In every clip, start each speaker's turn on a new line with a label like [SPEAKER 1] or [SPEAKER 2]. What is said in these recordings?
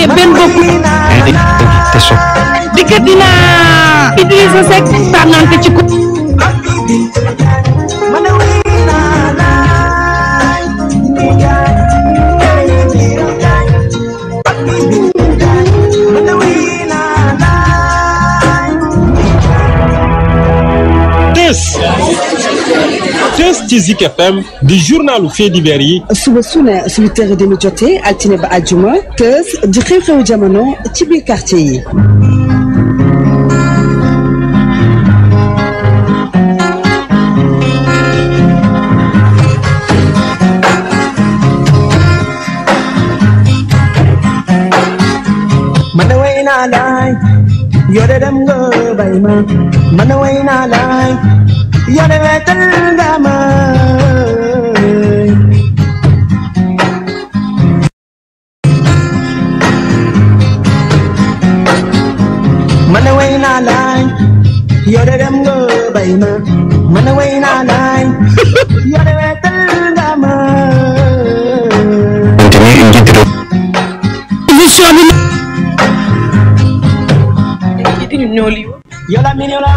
[SPEAKER 1] waaye benn bopp.
[SPEAKER 2] te soog.
[SPEAKER 3] diggante naa Idrissa Seck tànnante ci ko.
[SPEAKER 4] ci Zik FM di journalu faits divers
[SPEAKER 1] suba su ne suñu tërë altine ba àjjuma tës di xew-xewu jamono ci biir quartier yi.
[SPEAKER 2] man way naa laay yore dem yore wetal nga ma
[SPEAKER 1] man a wey naa laay yore dem nga bay ma man a wey naa laay yore wetal nga ma Yola mini yola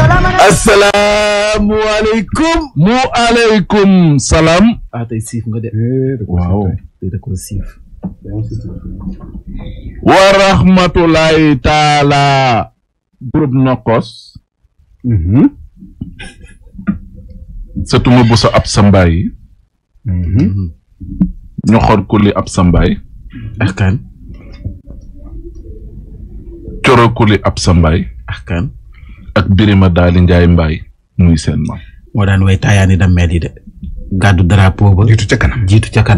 [SPEAKER 5] asalaamualeykum. mu aleykum salaam. ah tey siif nga de. Eh, waaw tey da koo siif. wa rahmatulahi taala. groupe Nokos. Mm-hmm. sëtuma bu sa ab sambaay. Mm-hmm. ñoxor kuli ab sambaay. ak coro kuli ab sambaay. ak ak Birima Daali Njaay Mbaay muy seen maam. moo daan way taayaani dammeel yi de gàddu drapeau ba. jiitu ca kanam jiitu ca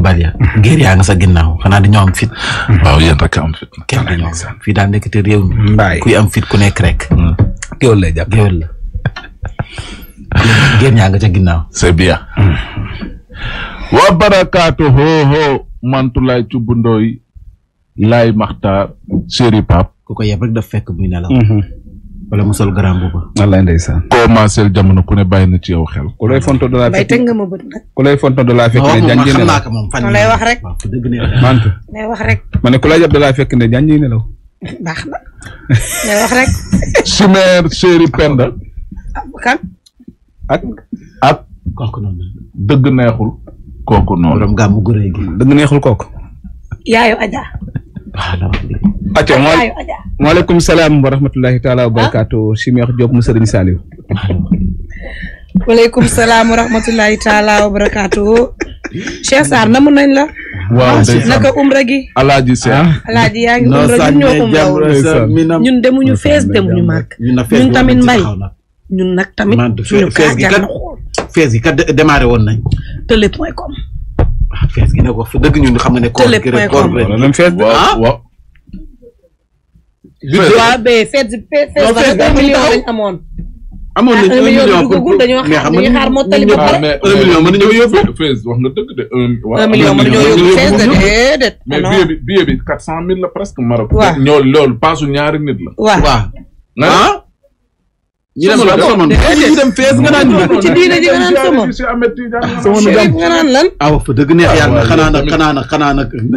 [SPEAKER 5] bal ya. géer yaa nga sa ginnaaw xanaa dañoo am fit. Mm-hmm. waaw yéen rek am fit. fii daan nekk te am fit ku nekk rek. Mm-hmm. géwél lay jàpp ñaa nga ca ginnaaw. c'est bien. Mm-hmm. wa barakaatu hoo hoo mantulaay cubbundooy laay maxtaar séri pap ku ko yeb rek daf fekk muy nelaw wala mu sol garaam bu ba. wallaay ndeysaan. commencé jamono na ci yow xel. ku lay fonto de la fekk nga ma bët ku lay fonto la fekk ne janj ne la lay wax rek. man ku lay jàpp de fekk ne janj ne la.
[SPEAKER 1] baax na
[SPEAKER 5] lay Penda. ak ak. dëgg neexul. kooku noonu. borom gàmmu gu rëy gi. dëgg neexul a maaleykum salaam wa rahmatullahi taala wa ah. barakaatu Chimère Diop mu sëriñ Saliou
[SPEAKER 1] waaleykum salaam wa rahmatullahi taala wa barakaatu Cheikh Sarr namu nañ la
[SPEAKER 5] waaw ah, naka umra gi alaaji Cheikh ah. alaaji yaa ngi umra ñun
[SPEAKER 1] ñun demuñu fees demuñu màgg
[SPEAKER 5] ñun tamit mbay
[SPEAKER 1] ñun nag
[SPEAKER 2] ah gi nag wax fa dëgg ñun xam nga ne. tële point com koor gi ah? fees bi
[SPEAKER 1] waaw li amoon.
[SPEAKER 5] amoon nañu ah, un million pour dañoo xaar dañuy xaar moo tali ah, million mën nañoo yóbbu. fees wax nga dëgg a un. million mën nañoo yóbbu fees de
[SPEAKER 3] déedéet. mais billet
[SPEAKER 5] bi billet bi quatre cent mille la presque Maroc. waaw ñoo loolu ñaari nit la. waaw waaw.
[SPEAKER 3] ñu dem ñu dem fees nga naan ñu
[SPEAKER 5] ci aw fa dëgg neex yàlla xanaa nag xanaa nag xanaa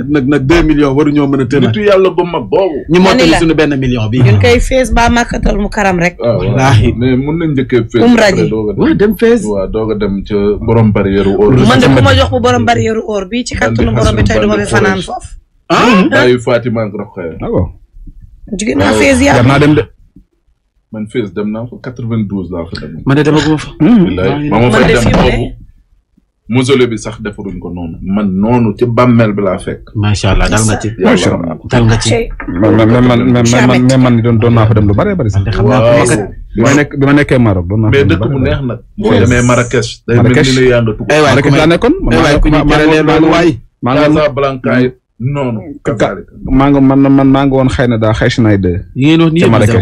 [SPEAKER 5] nag deux millions waru ñoo mën a tëna nitu yàlla ba mag boobu ñu mottali suñu benn million bi ñun
[SPEAKER 1] koy fees baa màkkatal mu karam rek ah, wallaahi
[SPEAKER 5] mais mun nañ njëkkee fees umra ji dem a borom barrière or man jox bu borom barrière
[SPEAKER 1] or bii ci kattanu borom bi tey duma fi fanaan foofu ah ayu
[SPEAKER 5] Fatima Rokhaya
[SPEAKER 3] ah, jigéen ah, naa fees yaa
[SPEAKER 5] man Fès dem naa fa 92 laa fa dem. man de demaguma fa. bilaay hmm. ma ma fay dem boobu. mausolée bi sax defaruñ ko noonu. man noonu ci bàmmeel bi laa fekk. macha allah dal nga ci. macha allah dal nga ci. man man man man man doon naa fa dem lu bëree bëri sax. waaw bi ma nekk bi ma nekkee Maroc doon naa fa dem mais dëkk mu neex nag. boo demee Marrakech. Marrakech day mel ni ne yaa nga tukk. aywaay ku ma aywaay ku ma aywaay. Casablanca noonu. maa ngi man man maa ngi woon xëy na daal xëy si naay de. yi ngeen wax nii ma fa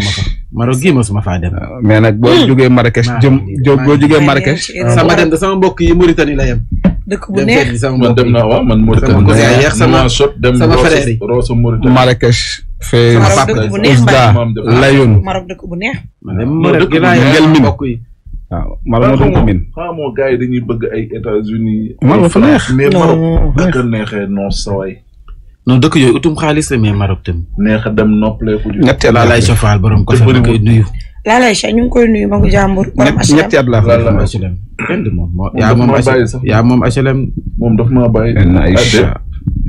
[SPEAKER 5] Maroc gii mosuma faa dem. Ah, mais nag boo jógee Marrakech jëm boo jógee Marrakech. sama dem de sama mbokk yi Mauritanie la yem. dëkk bu neex man dem naa waaw man Mauritanie sama sot dem Rosso Mauritanie Marrakech fee Ousda Layoun Maroc dëkk min non dëkk yooyu utum xaalis la mais Maroc tam. neex a dem noppaleeku. ñetti at laa lay sofaal borom ko fa nuyu.
[SPEAKER 1] laa lay ñu ngi koy nuyu magu jàmbur. borom HLM ñetti at
[SPEAKER 5] laa fa borom HLM. kenn du moom moo yaa moom HLM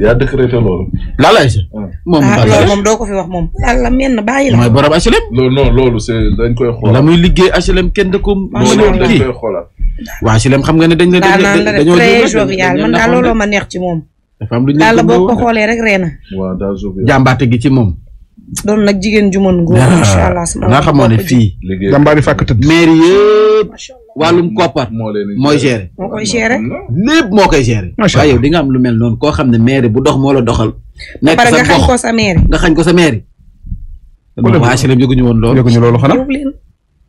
[SPEAKER 5] yaa loolu. laa ah. ah, loolu moom doo
[SPEAKER 1] ko fi la menn bàyyi la. mooy borom HLM.
[SPEAKER 5] loolu non loolu c'est dañ koy xool. la muy liggéey HLM kenn da ko. macha allah dañ koy xoolal. waa HLM xam nga ne dañ la. dañoo dañoo dañoo dañoo dañoo dafa am lu ñu la boo xoolee rek ree na. waaw daal jàmbaate gi ci moom.
[SPEAKER 1] doon nag jigéen ju mën góor. Ah, incha
[SPEAKER 5] allah nga xamoo ne fii. liggéey jàmbaari fàkk tëdd. maire yëpp wàllum koppar. moo leen mooy gérer.
[SPEAKER 1] moo koy gérer. lépp moo
[SPEAKER 5] koy gérer.
[SPEAKER 2] macha allah nga am lu mel noonu koo xam ne maire bu dox moo la doxal. nekk sa nga xañ ko sa maire. nga xañ ko sa maire. waa HLM yëguñu woon loolu yëguñu loolu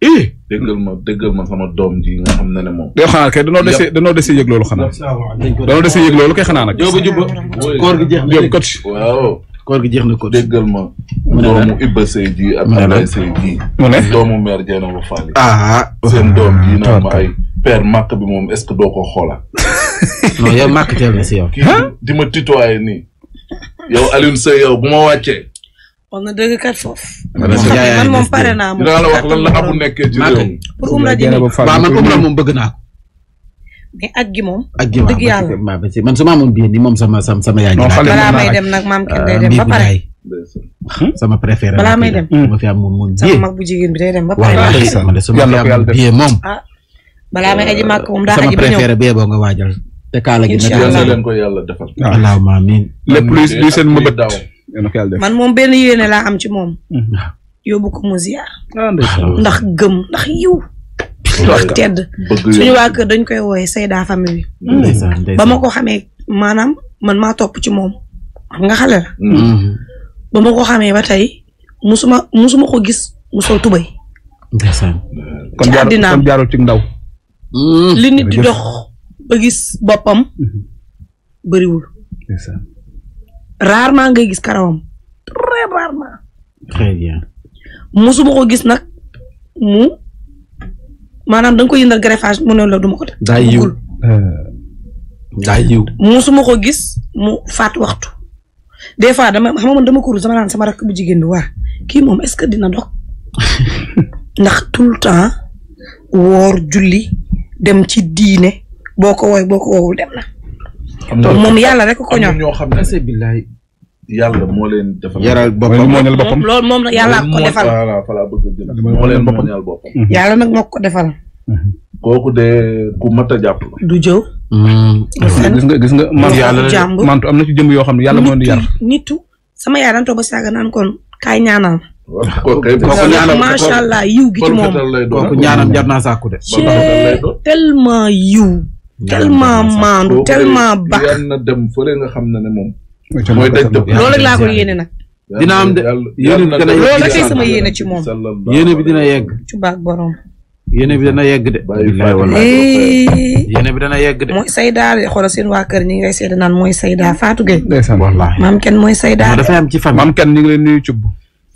[SPEAKER 1] eh. dëggal
[SPEAKER 5] ma dëggal ma sama doom ji nga xam ne ne moom. yow eh, xanaa kay danoo dese danoo dese yëg dese yëg loolu kay xanaa nag. jóoba jubba gi jeex na jóob ma. mu ne la doomu Ibba Seye ji ak Ablaye Seye ji. ah seen ah. doom ji naan ma ay père màkk bi moom est-ce que doo ko xoolaat. non yow màkk teel na si yow. kii di ma tutoyer nii. yow Alioune Seye yow
[SPEAKER 1] wax na dëgg kat foofu. man moom pare naa moom
[SPEAKER 5] man umra bëgg naa ko. ak gi moom. ak
[SPEAKER 2] man su ma amoon bii nii moom sama sama sama yaay. balaa may dem nag maam kenn ah, dem ba pare. sama préféré balaa may dem
[SPEAKER 1] ma moom moom sama mag balaa may aji màkk moom daa aji ba ñëw
[SPEAKER 2] sama waajal. te kaala gi nag
[SPEAKER 5] yàlla defal. allahumma amiin lépp
[SPEAKER 1] man moom benn yéene laa am ci moom. Mm. yóbbu ko mu ziar. Ah, ndax gëm ndax yiw.
[SPEAKER 3] ndax tedd suñu waa
[SPEAKER 1] kër dañ koy wooyee Seyda famille mm. ba ma ko xamee maanaam man maa topp ci moom xam nga xale la. Mm. ba ma ko xamee ba tey musuma musuma ko gis musoo tubay. ci àddinaam kon jaarul
[SPEAKER 5] ndaw. li nit
[SPEAKER 1] ba gis boppam mm-hmm. bariwul rarement ngay gis karawam très musuma ko gis nag mu maanaam da nga ko yëndal mu ne la duma ko def. daa euh, gis mu faat waxtu des fois dama xam dama ko dama naan sama rakk bu jigéen bi waa kii moom est-ce que dina dog ndax tout le temps woor julli dem ci diine boo ko woy boo ko woowul dem na. moom yàlla rek ko ñor
[SPEAKER 5] ñoo xam ne billaay yàlla moo leen defal yaral boppam loolu moom nag yàlla ko defal voilà voilà bëgg a moo leen boppam
[SPEAKER 1] yàlla mm-hmm. ko defal
[SPEAKER 5] mm-hmm. kooku de ku mat a jàpp la du jëw mm-hmm. gis nga gis nga mantu mantu am na ci jëmb yoo xam ne yàlla moo di yar
[SPEAKER 1] nitu sama yaay daan toog ba saaga naan kon kaay ñaanal
[SPEAKER 5] kooku ñaanal macha allah yiw gi ci moom kooku ñaanal jar naa de
[SPEAKER 1] tellement yiw tellement maandu tellement
[SPEAKER 5] baax yan na dem fële nga xam ne ne moom. mooy daj dëpp loolu laa dina am de yéene bi dina yegg loolu sama
[SPEAKER 1] ci moom. yéene bi dina yegg. ci baax borom.
[SPEAKER 5] yéene bi dana yegg de. yéene bi dana yegg de.
[SPEAKER 1] mooy Sayda de xoolal seen waa kër ñi ngi lay naan mooy Sayda Fatou Gueye. ndeysaan wallaahi maam kenn mooy Sayda. dafay am
[SPEAKER 5] ci famille maam kenn ñu ngi lay nuyu cubb.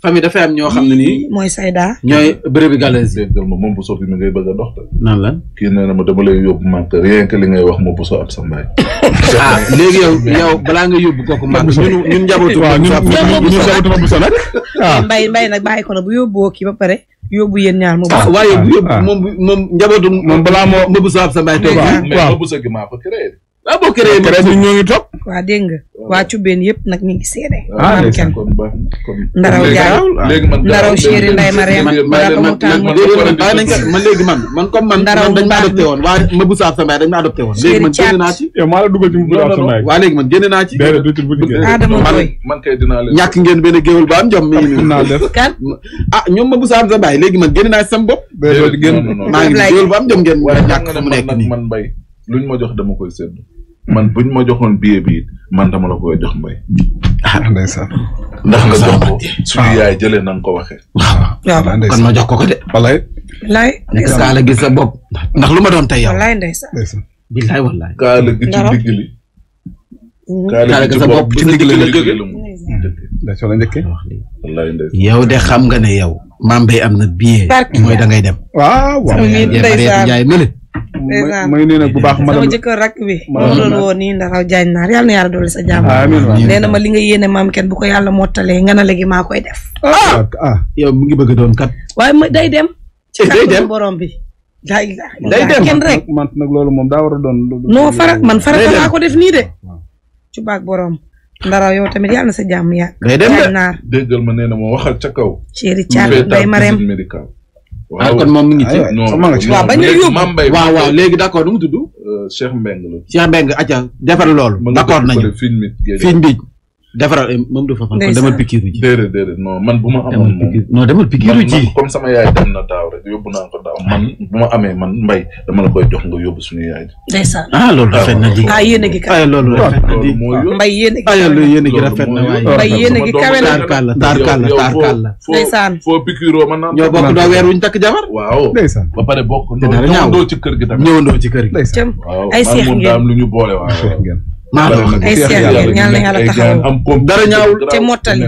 [SPEAKER 5] famille dafay am ñoo xam ne nii. Mmh, mooy Sayda. ñooy mmh. bërëbi gàllankoor. dégg nga moom bu soof bi mi ngay bëgg a dox. naan la kii nee na ma dama lay yóbbu màgg rien que li ngay wax moom bu soo am sa mbaay. ah léegi yow yow balaa nga yóbbu kooku màgg ñun ñun njabootu. waaw ñun ñun njabootu ma bu so nag.
[SPEAKER 1] waaw ah. ah. mbay mbay nag bàyyi ko nag bu yóbbuwoo kii ba pare. yóbbu yéen ñaar moom. ah waaye bu yóbbu ah. moom
[SPEAKER 5] moom njabootu. moom balaa moo ma bu soo am sa mbaay. tey waaw waaw mais ma bu soo gi maa fa créé.
[SPEAKER 1] waaw boo créé ñoo ngi toog. waaw dégg nga waa cubbeen yëpp nag ñu ngi seede. ah léegi
[SPEAKER 5] kon Ndaraw Ndiaye léegi man Ndaraw Chéri Ndeye Mariam. man comme man. dañ ma adopté woon waa Mabou Saaf Sambaay dañ ma adopté woon. léegi man génne naa ci. yow maa la dugal ci Mabou Saaf Sambaay. waa léegi benn géwél ba am jom mi ngi nii. kan ah ñoom Mabou Saaf Sambaay léegi man génne naa ci sama bopp. déedéet génn maa ngi géwél ba am jom ngeen. waaye ñàkk mu nekk nii luñ ma dama koy sédd man buñ ma joxoon billet bi man dama la koy jox mbay. ah ndeysaan. ndax nga jox ko suñu yaay jëlee na ko waxee. Ah, waaw kon ma jox ko ko de. walaay.
[SPEAKER 1] walaay ndeysaan kaala
[SPEAKER 2] gi sa bopp. ndax lu ma doon tey yow. walaay
[SPEAKER 1] ndeysaan. billaay
[SPEAKER 2] walaay. kaala gi ci digg li.
[SPEAKER 3] Mm. kaala gi
[SPEAKER 5] sa yow de xam nga ne yow. maam bay am na billet. mooy da ngay dem. waaw waaw. may nee nag bu baax madame sama jëkkër
[SPEAKER 1] rakk bi moom loolu woon nii ndaraw jaañ naar yàlla na yàlla doole sa jàmm nee na ma li nga yéene maam kenn bu ko yàlla mottalee nga le léegi maa koy def ah, ah, ah yow mu ngi bëgg doon kat waaye ma day dem eh, ci day dem borom bi day dem kenn
[SPEAKER 5] man nag loolu moom daa war
[SPEAKER 1] doon non man farata laa ko def nii de ci baag borom yow tamit yàlla na sa jàmm ya day dem de
[SPEAKER 5] déggal ma nee na moo waxal ca kaw chéri caat day mareem waaw ah, kon moom mu ngi ci. Ah, waaw bañ a yóbbu waaw waaw léegi d' accord nu mu tudd. Euh, Cheikh Mbengue la. loolu. d' accord nañu film bi. defaral eh, moom du fa fan. kon demal pikiiru ji. déedéet déedéet non man bu ma amoon moom non demal pikiiru ji comme sama yaay dem na daaw rek yóbbu naa ko daaw man bu ma amee man mbay dama la koy jox nga yóbbu suñu yaay.
[SPEAKER 3] ndeysaan ah loolu rafet na di. ah yéen a ngi kawe ah loolu rafet na di.
[SPEAKER 5] mbay ah, yéen a ngi kawe loolu yéen a ngi rafet na waaye. mbay yéen a ngi kawe la tarkalla tarkalla tarkalla. ndeysaan foo pikiiroo man naan. ñoo bokk doo weer wuñ takk jabar. waaw ndeysaan ba pare bokk. te dara ñaaw ñëwandoo ci kër gi tamit ñëwandoo ci kër gi. ay seex ngeen waaw man moom daa am lu ñu boole waaw maa la wax ay dara ñaawul te mottali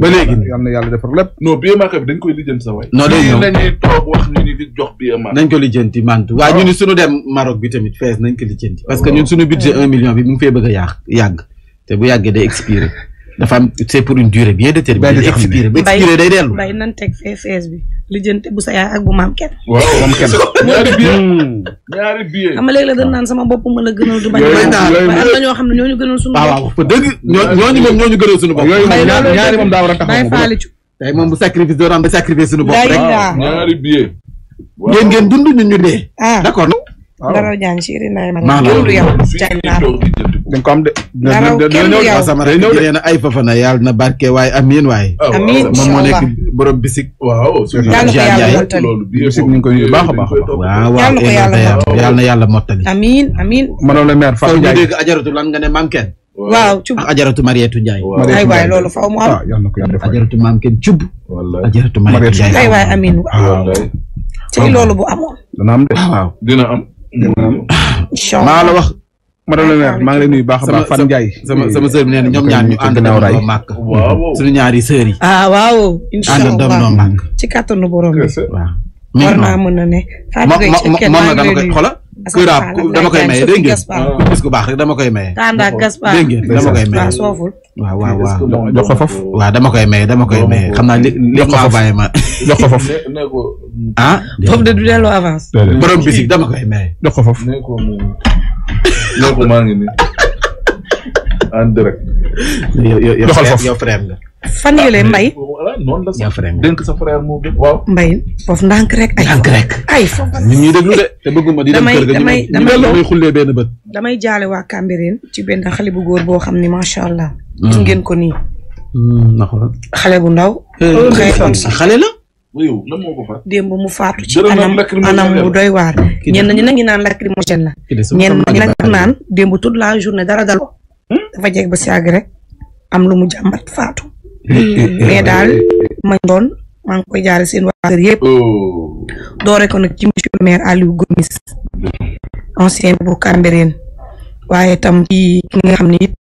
[SPEAKER 5] ba léegi yal na yàlla defar lépp non bii maa xam dañ koy lijjanti sa waay non day ñëw nañuy toog wax ñu ni di jox bii maa nañ ko ah. ñu ni suñu dem Maroc bi tamit fees nañ ko lijjanti parce
[SPEAKER 1] que ah. ñun suñu budget
[SPEAKER 2] un million bi mu ngi fee bëgg a yàq te bu yàggee day expiré dafa c'est pour une durée bien déterminée expiré ba expiré day dellu bay
[SPEAKER 1] nan teg lijjante bu sa yaay ak bu maam kenn. waaw maam kenn ñaari biir hmm. ñaari biir. xam nga léegi la dañ naan sama bopp ma la gënal du bañ. yooyu ñoo xam ne ñoo ñu gënal suñu ah, bopp. waaw
[SPEAKER 5] waaw dëgg ñooñu moom ñoo ñu gënal suñu bopp. yooyu moom ñaari moom daa war a
[SPEAKER 2] taxaw moom bu sacrifice doon am sacrifice suñu bopp rek. ñaari biir. waaw ngeen ngeen dund ñun ñu dee. Ah. Ndaraw
[SPEAKER 1] Diagne si iri naay ma kenn yow jaay naa
[SPEAKER 5] ko am de Ndaraw kenn yow sama ren yéen na yàlla na barke waaye amiin waaye ah, amiin moom moo nekk borom bisik waaw yàlla ko yàlla mottali bisik ñu ngi baax a baax waaw waaw yàlla na yàlla mottali
[SPEAKER 1] amiin amiin mënoon la maire fa Ndiaye
[SPEAKER 2] dégg ajaratu lan nga ne maam kenn waaw cub ajaratu Mariétu Ndiaye ay waay loolu faw mu am ah,
[SPEAKER 3] ajaratu loolu bu amoon
[SPEAKER 5] maa la wax ma le maire maa ngi lay nuyu baax a baax sama sama sœur bi ñoom ñaar ñu ànd dem noo màkk suñu ñaari sœur yi
[SPEAKER 1] ah waaw incha allah ànd dem noo màkk ci kattanu borom bi waaw war naa mën a ne
[SPEAKER 5] moom na dama koy xola kuraab dama koy maye dégg ngeen gis baax dama koy maye.
[SPEAKER 3] Kanda Gaspar dégg ngeen dama koy maye.
[SPEAKER 5] waaw waaw waaw jox ko foofu. waaw dama koy maye dama koy maye xam naa li li ma bàyyi ko foofu ah. foofu de du delloo avance. borom bisik dama koy maye. jox ko foofu. nee ko maa ngi nii en
[SPEAKER 1] fan yële mbay.
[SPEAKER 5] noonu la sax sa frère moo gën waaw.
[SPEAKER 1] mbay foofu ndànk rek. ay ndànk rek ay foofu.
[SPEAKER 5] ñu ngi déglu de damay damay damay benn bët.
[SPEAKER 1] damay jaale waa Cambérène ci benn xale bu góor boo xam ni macha allah. Hmm. gis ngeen ko nii. Hmm, xale eh, bu ndaw. xale la. yow lan moo ko faat. démb mu faatu ci anam anam bu doy waar. ñenn ñi nangi naan lacrymogène la. ñenn ñi nag naan démb tout la journée dara dal ko. Hmm? dafa jeg ba si àgg am lu mu jàmbat faatu. mais daal ma doon maa ngi koy jaare seen waa kër yëpp oh. doore ko nag ci monsieur le maire Aliou Gomis ancien bu Cambérène waaye tam ci ki nga xam ne it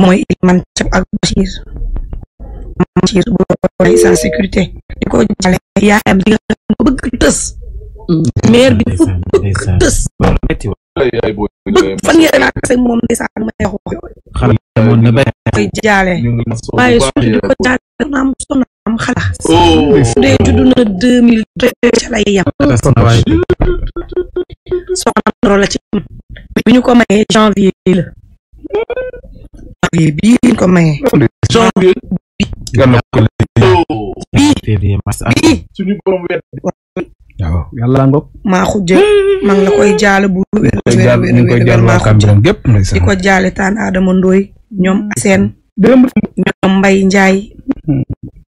[SPEAKER 1] mooy man cab ak Bachir Bachir bu lay sans sécurité di ko yaayam di xam bëgg tës mm. maire bi bëgg
[SPEAKER 3] tës bëgg fan ngeen
[SPEAKER 1] ak moom ndeysaan may wax
[SPEAKER 3] xala moon na bay
[SPEAKER 1] koy jaale waaye su di ko jaale sonaam sonaam xala oh. su dee judd na deux mille ca lay yam soxna Ndoro ci am ko mayee janvier la janvier bii ñu ko mayee janvier bii bii bii waaw yàlla ngoog. maa xujje maa ngi la koy jaale bu. wér wér wér ma maa xujje di ko jaale taan Adama Ndoye ñoom Aseen. ñoom Mbaye Ndiaye.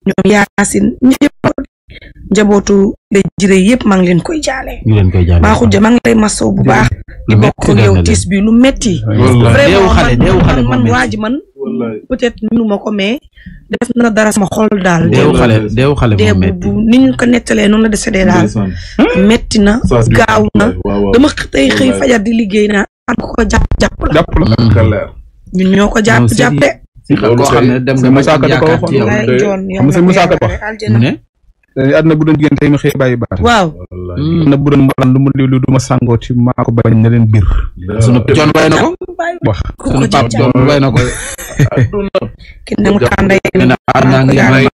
[SPEAKER 1] ñoom Yacine ñëpp njabootu de jire yëpp maa ngi leen koy jaale. maa xujje maa ngi lay masaw bu baax. di bokk yow tiis bi nu metti vraiment man man waa ji man peut-être mënu ma ko mais def na dara sama xol daal deewu xale
[SPEAKER 3] deewu xale bu
[SPEAKER 1] ni ñu ko nettalee noonu la décédé daal
[SPEAKER 3] hmm?
[SPEAKER 1] metti na gaaw na dama xëy xëy fajar di liggéey naa am ko jàpp jàpp la hmm. ñun ñoo ko jàpp jàppe koo xam ma dem nga ma yaakaar
[SPEAKER 3] ci
[SPEAKER 5] yow Eh, àdduna bu doon jigéen tey ma xëy bàyyi baat waaw
[SPEAKER 1] mm. àdduna
[SPEAKER 5] bu doon mbalaan lu mu liw du ma sàngoo ci maa ko bañ na leen biir sunu joon bay na
[SPEAKER 1] ko wax sunu paap joon bay na ko
[SPEAKER 3] kenn mu tànday a ngi yaay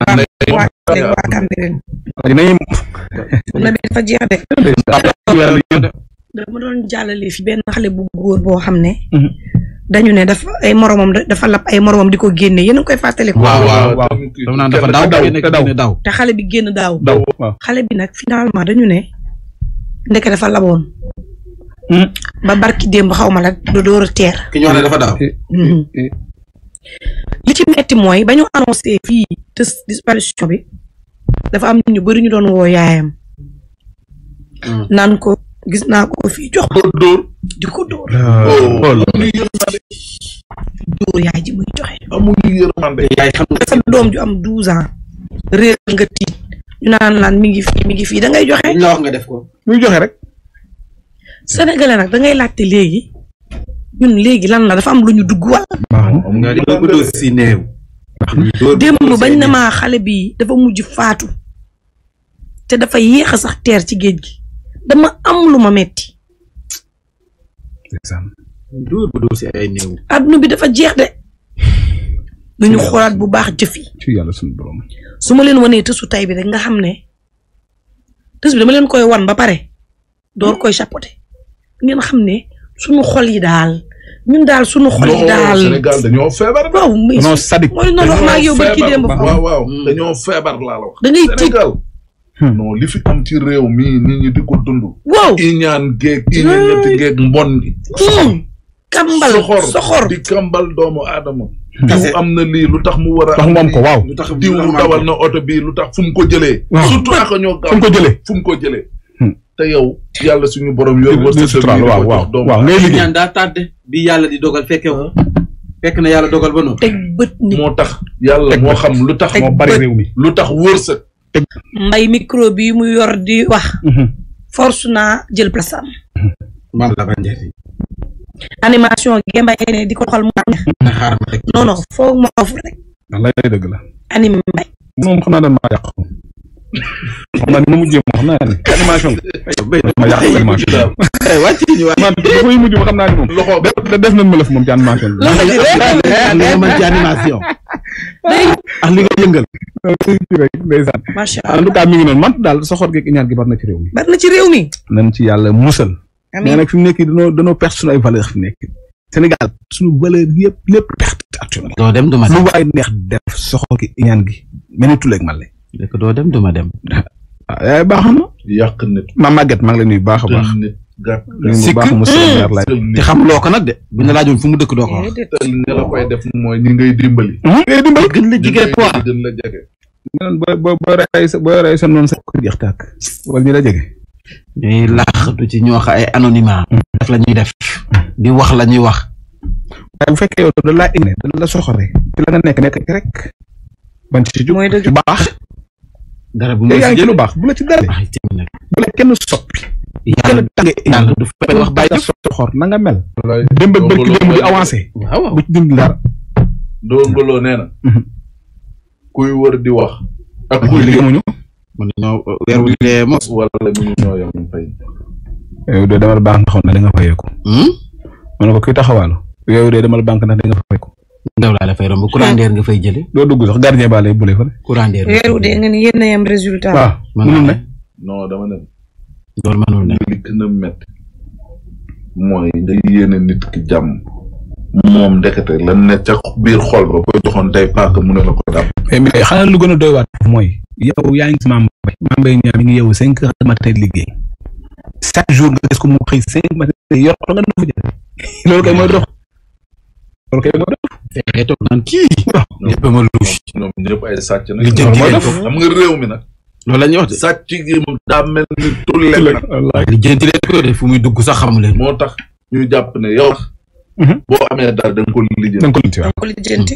[SPEAKER 3] waa
[SPEAKER 1] Cambérène na bi dafa
[SPEAKER 3] jeex de
[SPEAKER 1] dama doon jàllale fi benn xale bu góor boo xam ne mm-hmm. dañu ne dafa ay moromam dafa lap ay moromam di ko génne yéen a ngi koy fàttaliku. waaw waaw
[SPEAKER 3] waaw dafa daw daw daw.
[SPEAKER 1] te xale bi génn daaw. daw xale bi nag finalement dañu ne ndeke dafa laboon. Hmm? ba barki démb xaw ma la du door a teer.
[SPEAKER 5] ki ñu dafa daaw. Eh, eh, hmm. eh.
[SPEAKER 1] ci metti mooy ba ñu annoncé fii tës bi dafa am ñu bari ñu doon wo yaayam. Hmm. nan ko. gis naa ko fii jox ko dóor di ko dóor.
[SPEAKER 3] amuñu
[SPEAKER 1] yërmande. yaay ji muy joxe. yaay xam doom ju am douze ans. réer nga tiit ñu naan laan mi ngi fii mi ngi fii da ngay joxe. la nga def ko muy joxe rek. nag dangay laajte léegi ñun léegi lan la dafa am lu ñu dugg wala.
[SPEAKER 4] démb bañ na maa
[SPEAKER 1] xale bi dafa mujj faatu te dafa yéex a sax teer ci géej gi. dama am lu ma metti adduna bi dafa jeex de nañu xoolaat bu baax jëf yi su ma leen wanee tësu tay bi rek nga xam ne tës bi dama leen koy wan ba pare door koy chapoter ngeen xam ne sunu xol yi daal ñun daal suñu xol yi daal Sénégal
[SPEAKER 5] dañoo feebar waaw mooy noonu wax maa ngi yow bërki démb waaw waaw dañoo feebar laa la wax da ngay Hmm. non li fi am ci réew mi nit ñi di ko dund. wow iñaan géeg iñaan ñetti géeg mbon gi. kambal soxor di kambal doomu adama hmm. diw am na lii lu tax mu war a. tax mu am ko waaw. diw dawal na oto bii lu tax fu mu ko jëlee. surtout ak ñoo gaaw fu ko jëlee fu mu ko hmm. te yow yàlla suñu borom yooyu wërsëg. suturaal waaw waaw waaw ngay liggéey ñaan bi yàlla di dogal fekke woo. fekk na yàlla dogal ba no teg bët moo tax yàlla moo xam lu tax. moo bari réew mi lu tax wërsëg.
[SPEAKER 1] mbay micro bi mu yor di wax. Mhm. force na jël place mhm. animation gi mbay di ko xool mu am.
[SPEAKER 5] xaar ma rek non rek. wallaay dëgg la. animé mbay. moom xam naa daan maa mujjee moom xam naa ne animation bi. ma yàq animation man xam naa ni moom. loxo def nañ ma lëf moom ci animation loxo ji de ma ci animation. ak li nga yëngal. macha allah en tout cas mi ngi daal soxor geeg ñaar gi bar na ci réew mi. bar na ci yàlla musal. amiin mais nag fi mu nekk danoo danoo perte suñu ay valeur fi mu nekk. Sénégal suñu valeur yépp lépp perte actuellement. dem du ma dem lu waay neex def soxor gi ñaan gi mel ni tuleeg man doo dem du dem. waaw eh, baax na. yàq nit. ma màgget maa ngi lay baax a baax. sikk te xam loo ko nag de bu ñu laajoon fu mu dëkk doo ko wax. ñu la koy def mooy ñi ngay dimbali. ñi ngay dimbali gën la sa ba sa noonu sa ko jeex tàkk wala ñu la jege.
[SPEAKER 2] ci ñoo xam ay anonymat. Mm. def la ñuy def. di wax la ñuy wax. waaye bu fekkee yow da laa igné da la soxore te la nga nekk nekk rek. ban ci ju baax. dara bu ma si jëlee yaa ngi lu baax bu la ci
[SPEAKER 5] kenn soppi. yàlla yàlla du fekk wax bàyyi def soxor na nga mel. démb bërki démb di avancé.
[SPEAKER 4] waaw bu ci dund dara.
[SPEAKER 5] doon bëloo nee na. Mhm. kuy wër di wax. ak kuy liggéey man ñoo euh, weer wu lee mos. wala na di nga fayeeku. Hmm? ma ne ko kuy taxawaalu. yow de demal banque ndax di nga fayeeku. ndaw la fay romb courandeer nga fay jëlee. doo dugg sax gardien baa lay bulee fa. courandeer weer wu
[SPEAKER 1] nga ni yéen a yem résultat. ne.
[SPEAKER 5] lool ma ne li gën a métti mooy nga yéene nit ki jàmm moom ndekete lan ne ca biir xol ba koy joxoon mu ne la lu gën a doy waat mooy yow yaa ngi si Mame Mbaye Mame Mbaye Niang mi ngi yeewu cinq heures du matin liggéey chaque jour nga gis ko mu xëy cinq matin yor ko nga dox loolu kay dox loolu
[SPEAKER 4] kay mooy dox fexe toog naan
[SPEAKER 5] kii loolu la ñuy wax de. sàcc gi moom daa mel ni tur lekk. li jënti leen ko de fu muy dugg sax xamu leen. moo tax ñu jàpp ne yow. Mhm. boo amee dara da nga ko lijjanti. da nga ko lijjanti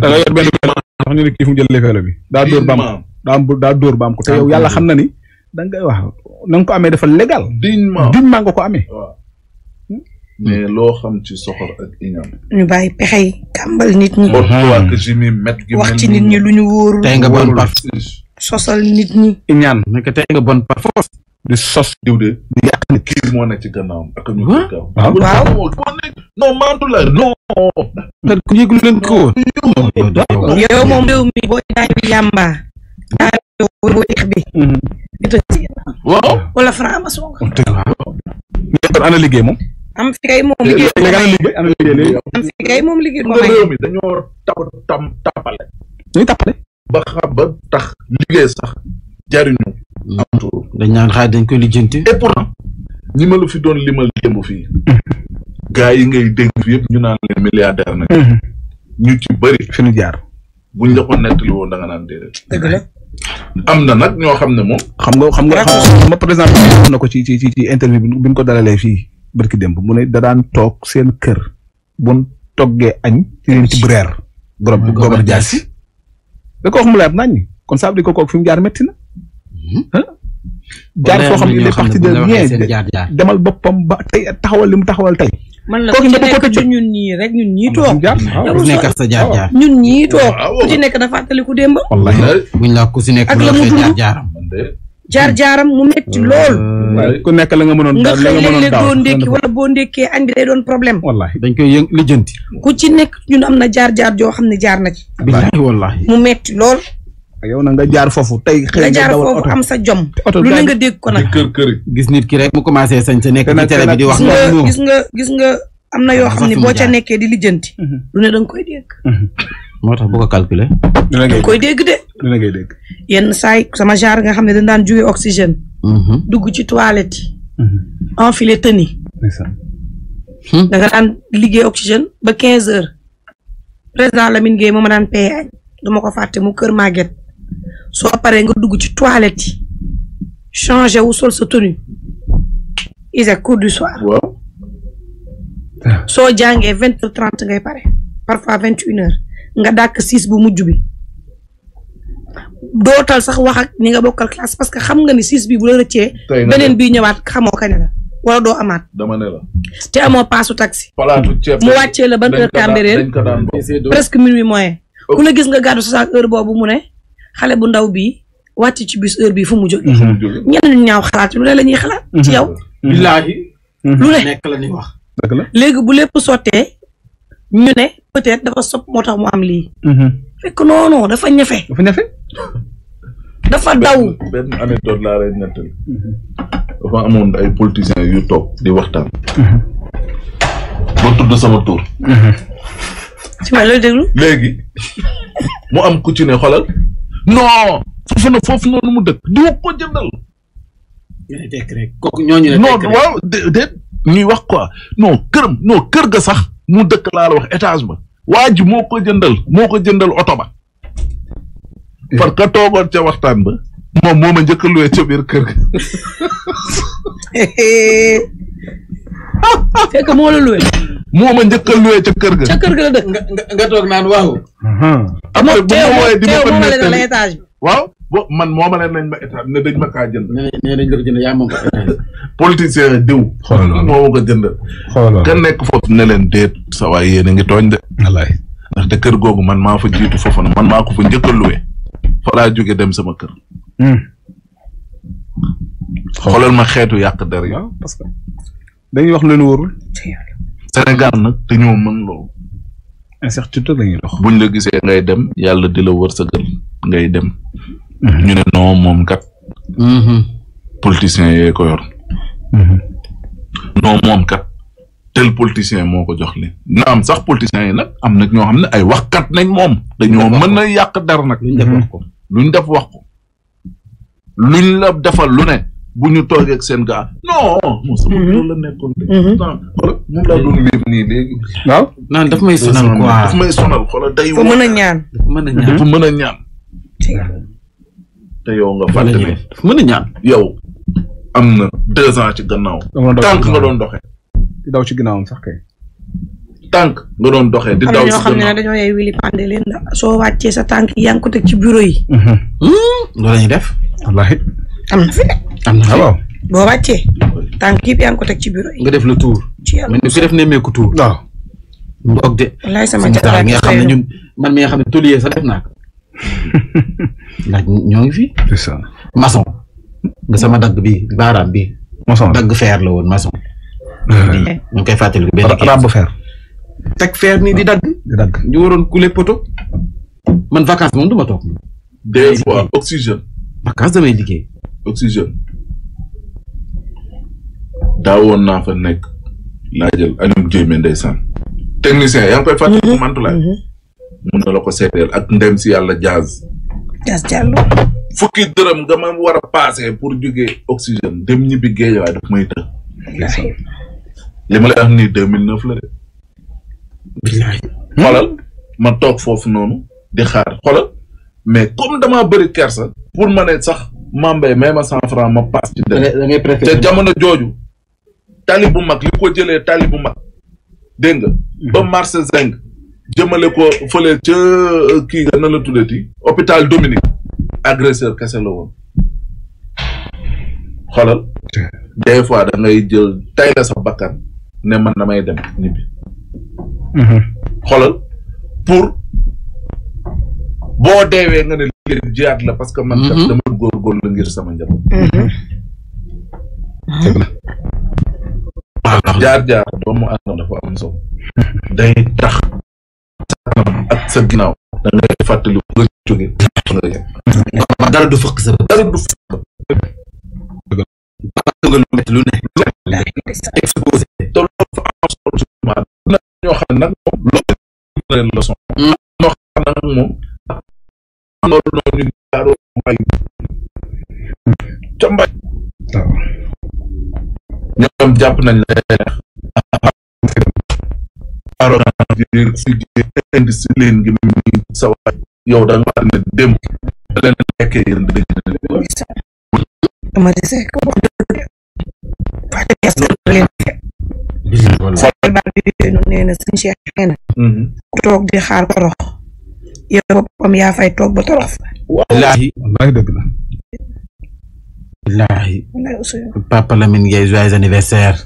[SPEAKER 5] da nga yor benn vélo sax ñu ne kii fu mu jëlee vélo bi. daa dóor ba am daa daa dóor ba am ko te yow yàlla xam na ni. da nga koy wax ko amee dafa légal. dignement dignement nga ko amee. mais hmm. loo xam ci soxor ak iñam
[SPEAKER 1] ñu bàyyi pexe yi kàmbal nit ñi. wax
[SPEAKER 5] hmm. ci nit ñi lu ñu wóorul. tey nga bon par sosal nit ñi. iñaan nekk tey nga bon par force. di sos diw de di yàq nit kii moo nekk ci gannaawam ak ñu gaaw waaw non mantu la non ku yëglu leen ko
[SPEAKER 1] yow moom réew mi booy daan bi yàmba daan booy dex bi waaw wala franc moom am fi kay moom liggéey am may réew mi dañoo tap tam
[SPEAKER 5] tapale dañuy tapale ba xa ba tax liggéey sax jariñu amtul dañ naan xaar dañ koy lijjanti et pourtant ñi fi doon limal démb fii gaa yi ngay dégg fi yëpp ñu naan leen milliardaire nag ñu ci bëri fi ñu jaar buñ la ko nettali woon da nga naan déedéet dëgg am na nag ñoo xam ne moom xam nga xam nga xam nga par exemple na ko ci ci ci interview bi bi ñu ko dalalee fii bu démb mu ne da daan toog seen kër bun toggee añ ci leen ci reer gorob gobar jaasi da ko wax mu nañ kon saa di ko kook fi mu jaar metti na hmm.
[SPEAKER 3] jaar foo xam ne les parties de ñee
[SPEAKER 2] demal boppam ba tey taxawal li mu taxawal tey
[SPEAKER 1] man la ku ñun ñii rek ñun ñii toog ñun ñii toog ku ci nekk dafa fàttaliku démb wallahi ku ci nekk ak la mu jaar-jaaram mu metti lool. ku nekk la nga mënoon nga mënoon daaw nga xëy léeg-léeg doo ndékki wala boo ndékkee añ bi day doon problème. dañ koy yëng lijjanti. ku ci nekk ñun am na jaar-jaar joo xam ne jaar na ci. billaahi mu metti lool. a ah, yow na nga jaar foofu tey xëy nga am sa jom. lu ne nga
[SPEAKER 5] dégg ko nag kër kër gis nit ki rek mu commencé sañ sa nekk na télé bi di wax. nga gis
[SPEAKER 1] nga gis nga am na ah, yoo xam ne boo ca nekkee di lijjanti. Mhm. lu ne da koy dégg. Mhm.
[SPEAKER 5] moo tax bu ko calculer koy dégg de. dégg.
[SPEAKER 1] yenn saay sama genre nga xam ne dañ daan jóge oxygène. Mhm. dugg ci toilette yi. Mhm. enfilé tenue. Hmm? daan liggéey oxygène ba quinze heures. président Lamine Gueye moo ma daan paye añ duma ko fàtte mu kër Maguette soo paree nga dugg ci toilette yi changé wu sol sa tenue is cours du soir. soo jangee vingt heures trente ngay pare parfois vingt une heures. nga dàkk siis bu mujj bi dootal sax wax ak ñi nga bokkal classe parce que xam nga ni siis bi bu la rëccee beneen bii ñëwaat xamoo kañ la wala doo amaat dama ne la te amoo paasu taxi mu wàccee la ban heure Cambérène presque minuit moyen ku la gis nga gàddu sa saak boobu mu ne xale bu ndaw bii wàcc ci bis heure bi fu mu jógee mhm. ñenn ñu ñaaw xalaat lu ne la ñuy xalaat ci mhm. yow billaahi lu ne nekk la ñuy wax léegi bu lépp sottee ñu ne peut-être dafa sob moo tax mu am lii. Mhm. fekk non non dafa ñafe. dafa ñafe. dafa daw
[SPEAKER 5] benn anecdote laa lay nettali. Mhm. dafa amoon ay politiciens yu toog di waxtaan. Mhm. ba tudd sama tur.
[SPEAKER 3] si ma lay déglu.
[SPEAKER 5] léegi mu am ku ci ne xolal non. foofu noonu mu dëkk di ko jëndal. ñu ne dekk rek kooku ñooñu ne dekk rek non waaw déet ñuy wax quoi non këram kër ga sax. mu dëkk laa la wax étage ba waa ji ko jëndal moo ko jëndal oto ba parce que toogoon ca waxtaan ba moom moo ma njëkk a luwee ca biir kër ga fekk moo la luwee moo ma njëkk a luwee ca kër ga ca ga nga toog naan waaw amoon teew teew moom la étage bi bo man moo ma leen nañ ma état ne dañ ma kaa jënd. ne ne dañ ko jënd yaa moom ko état. politicien diw. xoolal nekk foofu ne leen déet sa waay ngi tooñ de. wallaay ndaxte kër googu man maa fa jiitu foofu man maa ko fa njëkk a laa jóge dem sama kër. Hmm. xoolal ma xeetu yàq der yi. parce que dañuy wax lu leen wóorul. nag dañoo mën loolu. incertitude la ñuy buñ la gisee ngay dem yàlla di la wërsëgal ngay dem. Mm-hmm. ñu ne non moom kat. Mm-hmm. politiciens yee ko yor. Mm-hmm. non moom kat tel politicien moo ko jox li na am sax politiciens yi nag am nag ñoo xam ne ay wax kat nañ moom. dañoo mën a yàq dara nag. luñ def wax ko luñ def wax ko. luñ la defal lu ne. bu ñu toogee ak seen gaa. non. moom sama la nekkoon de. moom laa naan daf may sonal quoi may sonal xoolal
[SPEAKER 2] day. dafa mën a ñaan dafa
[SPEAKER 5] mën a ñaan. te yow nga fàttali mën a ñaan yow am na deux ans ci gannaaw tànk nga doon doxee di daw ci gannaawam sax kay tànk nga doon doxee di daw ci gannaaw xam ne
[SPEAKER 1] dañoo yey wili pande soo wàccee sa tànk yaa teg ci bureau yi
[SPEAKER 5] mhm. hmm? loolu lañuy def wallaahi
[SPEAKER 1] am na fi de am na fi ah, boo wàccee tànk yëpp yaa ngi ko ci bureau
[SPEAKER 2] nga def le tour mais ni fi def nemmeeku tour waaw ndoog de wallaay sama jaaraat nga xam ne ñun man mi nga xam ne tolier sa
[SPEAKER 5] def naa
[SPEAKER 4] ndax ñoo ngi fi. mason
[SPEAKER 2] nga sama dagg bi baaraam bi. maçon dagg fer la woon maçon. Euh. ñu ngi koy fàttaliku
[SPEAKER 5] benn kii rab fer. teg nii di dagg. di dagg ñu waroon couler poto. man vacance moom du ma toog. day waa oxygène. vacance damay liggéey. oxygène. daawoon naa fa nekk. laa jël Alioune Diop technicien yaa ngi koy fàttaliku mhm. Mantoulaye. Mhm. mun na la ko seedeel ak ndem si yàlla Diaz. Diaz Diallo. fukki dërëm nga ma war a paase pour jóge oxygène dem ñibbi géej waaye daf may të. ma lay wax nii deux mille neuf la de. bilaay. ma toog foofu noonu di xaar xoolal mais comme damaa bëri kersa. pour ma ne sax mambay may ma cent franc ma paas ci dem te jamono jooju. tali bu mag li ko jëlee tali bu mag. dégg nga mm-hmm. ba marché zinc. jëmale ko fële ca euh, kii nga la tuddati hôpital Dominique agresseur kese la woon xoolal des fois da ngay jël tay la sa bakkan ne man damay dem ñibbi mhm. xoolal pour boo deewee nga ne liggéey jiyaat la parce que man kat mhm. dama góorgóorlu ngir sama njaboot mhm. jaar jaar doomu aadama dafa am solo day tax kanam ak sa ginnaaw da ngay
[SPEAKER 3] fàttali nga jóge nga dara du fëkk sa dara du fëkk fa am solo nag moom loolu na leen leçon ñoo xam moom loolu noonu ñu jaaroo mbay ca mbay
[SPEAKER 5] ñoom jàpp nañ la arrogance bi rek si indi si leen gi
[SPEAKER 1] dem toog di xaar torox yow boppam yaa fay toog ba torox
[SPEAKER 5] wallaahi papa Lamine Gueye anniversaire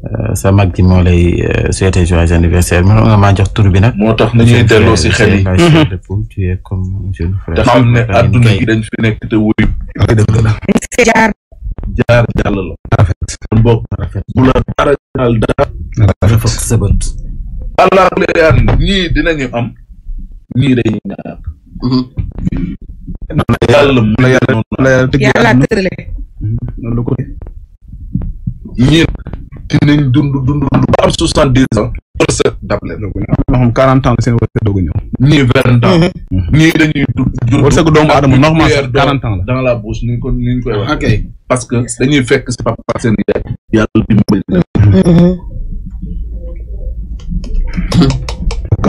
[SPEAKER 5] Euh, sa mag ji moo lay euh, souhaiter joyeux anniversaire moo tax nañuy delloo si xel yi. Mhm. tu ne adduna fi nekk te wuyu. dëgg la. jaar jaar jàll la. rafet kon boog am. ñii dañuy ñaar. noonu mhm. la dinañ dund dund dund ba am soixante dix ans wërsëg dab leen. am na ñoo xam quarante ans la seen wërsëg doog a ñëw. nii vingt ans. Mhm. Mhm. nii dañuy dund. wërsëgu doomu aadama normal sax quarante ans la. dans la bouche ni ñu ko ni ñu koy wax. ok parce que dañuy fekk si papa seen yaay. yàlla dimbali leen. Mhm.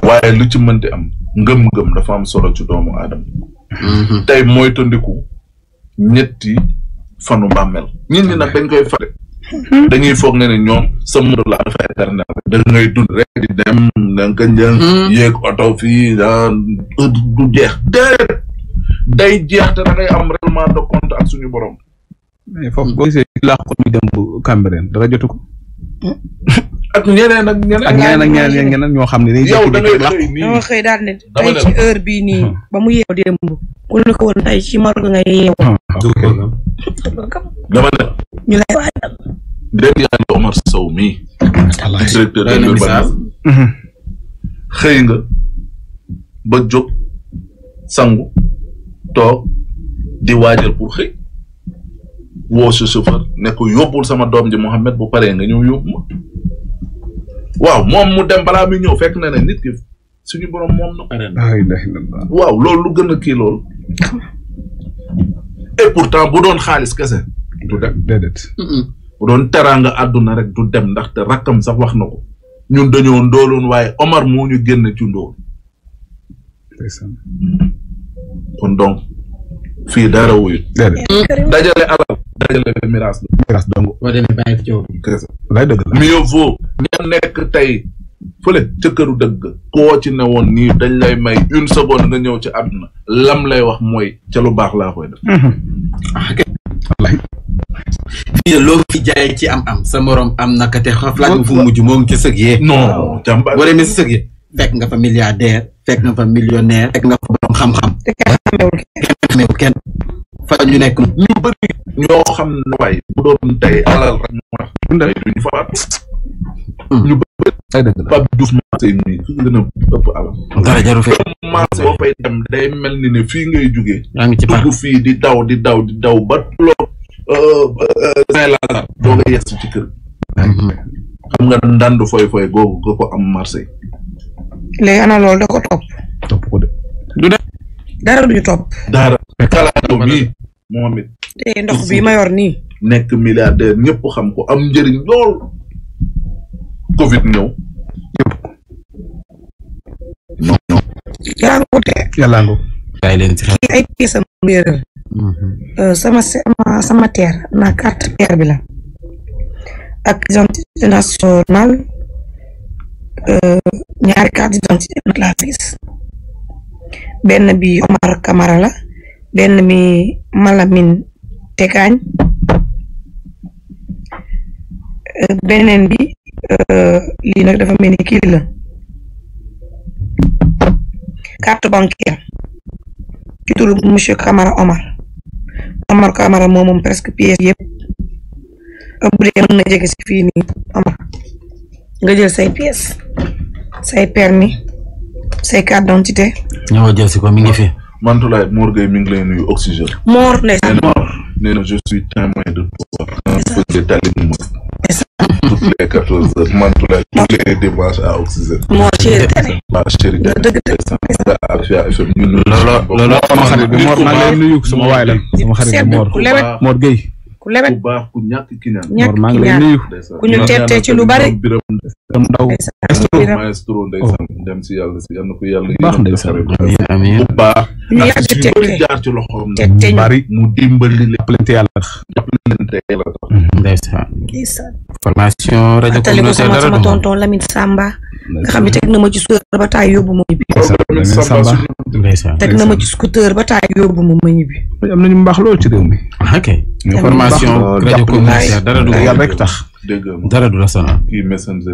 [SPEAKER 5] waaye lu ci mënti am ngëm-ngëm dafa am solo ci doomu aadama. tey mooy tondiku ñetti fanu bàmmel. ñit ñi nag dañ koy fare
[SPEAKER 3] Hmm? dañuy
[SPEAKER 5] foog ne ne ñoom sa a la dafa éternel da ngay dund rek di dem da nga njël hmm. oto fii da du jeex déedéet day jeex da ngay am règlement de compte ak suñu borom mais foofu boo gisee laa ko muy dem bu Cambérène dara jotu ko hmm? ak ñeneen
[SPEAKER 1] ak ñeneen ak ñeneen
[SPEAKER 5] ñeneen ñoo xam ne dañuy yow da ngay
[SPEAKER 1] xëy ne tey heure bii nii ba mu yeew démb ku ne ko woon ci morgue nga yeew
[SPEAKER 5] dama ne ñu lay waajal. dégg nga mii. directeur urbain xëy ba jóg sangu toog di waajal pour xëy woo sa chauffeur ne yóbbul sama doom ji Mouhamed bu paree nga ñëw yóbbu waaw moom mu dem balaa muy ñëw fekk na nit ki suñu borom moom
[SPEAKER 3] na ko.
[SPEAKER 5] waaw loolu lu gën a kii loolu. et pourtant bu doon xaalis kese. du dem déedéet. doon teraanga àdduna rek du dem ndax te rakkam sax wax na ko ñun dañoo ndooloon waaye Omar moo ñu génn ci kon donc fii dara wuyut. déedéet mm. dajale alal dajale miraas la. miraas dong. nekk tey fële ca këru dëgg koo ci ne woon nii dañ lay may une seconde nga ñëw ci àdduna lam lay wax mooy ca lu baax laa koy def.
[SPEAKER 3] Mm-hmm. Ah,
[SPEAKER 5] fii ne fi jaay ci am-am sa morom am naka te xaflaat nga fu mujj moom ci sëg yee. non jàmbaar boo fekk nga fa milliardaire fekk nga fa millionnaire fekk nga fa borom xam-xam. te kenn xamewul kenn ñu nekk ñu bëri ñoo xam ne waay bu doon tey alal rek hmm. fi gën a ngi ci dugg fii di daw di daw di daw ba loolu. Saint oh, Lazare xam nga ndànd fooy fooy googu nga ko am marché
[SPEAKER 1] léegi ana loolu da ko topp topp
[SPEAKER 5] ko de du
[SPEAKER 1] de dara duñu topp
[SPEAKER 5] dara kalaatoo mii moom it
[SPEAKER 1] te eh, ndox bi ma yor
[SPEAKER 5] nekk milliardaire ñëpp xam ko am njëriñ lool covid
[SPEAKER 3] ñëw yàlla ngo te yàlla ngo ay leen si
[SPEAKER 1] Euh, sama sama sama na carte terre bi ak identité nationale euh, ñaari carte d'identité nag laa benn bi Omar Camara la benn bi Malamine Tekaañ euh, beneen bi lii nag dafa mel ni kii la carte bancaire ci turu monsieur Camara Omar Amar Kamara moo moom presque pièce yëpp bu dee mën na jege si Amar nga jël say pièce say permis say carte d'identité
[SPEAKER 4] ñoo jël si ko
[SPEAKER 5] mi fi Mantulaay Mor Gueye mi ngi lay nuyu oxygène. Mor ne nee na je suis témoin de toi. des talibuma. toutes les quatorze heures Mantulaay tous les dimanches à oxygène. Mor chéri tane. waaw chéri tane. dëgg dëgg Afia FM. Mor maa ngi lay nuyu sama Mor Mor ku lewet ku baax ku ñàkk ki ñaan ñàkk ki ñaan ku ñu teetee ci lu bari
[SPEAKER 3] ndaw maestro ndeysaan
[SPEAKER 5] dem si yàlla si yàlla ko yàlla baax ndeysaan amiin amiin bu baax ñu bari mu dimbali jàppalante yàlla tax
[SPEAKER 3] jàppalante yàlla tax mm-hmm. ndeysaan formation rajo tonton
[SPEAKER 1] Lamine Samba nga xam ne teg na ma ci scooter ba taay yóbbu ma ñibbi. teg na ma ci scooter ba taay yóbbu ma ñibbi. am nañu mbaax lool ci réew mi. Ah, ok
[SPEAKER 3] information rajo communautaire dara du yàlla rek tax.
[SPEAKER 5] dara du la sonal.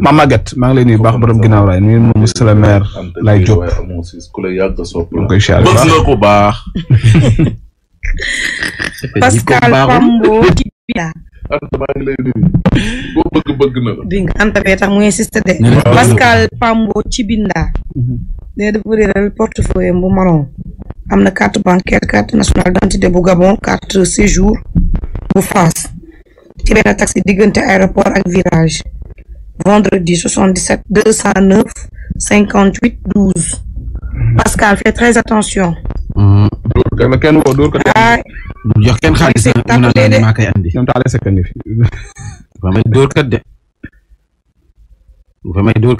[SPEAKER 5] ma Maguette maa ngi lay nuyu baax borom ginnaaw raay nuyu moom monsieur le maire lay jóg. bëgg nga ko baax. Anta maa ngi lay nuyu. boo bëgg bëgg na la.
[SPEAKER 1] dégg nga Anta bee tax mu insisté de. Pascal Pambo ci binda mhm. nee dafa réeral portefeuille bu maroon. am na carte bancaire carte nationale d'identité bu Gabon carte séjour bu Fass. ci benn taxi diggante aéroport ak virage. vendredi 77 209 58 12. Pascal fait très attention.
[SPEAKER 2] Mhm. dóor kenn kenn woo dóor ko. du jox kenn xaalis na mu may dóor kat de. dafa
[SPEAKER 3] may dóor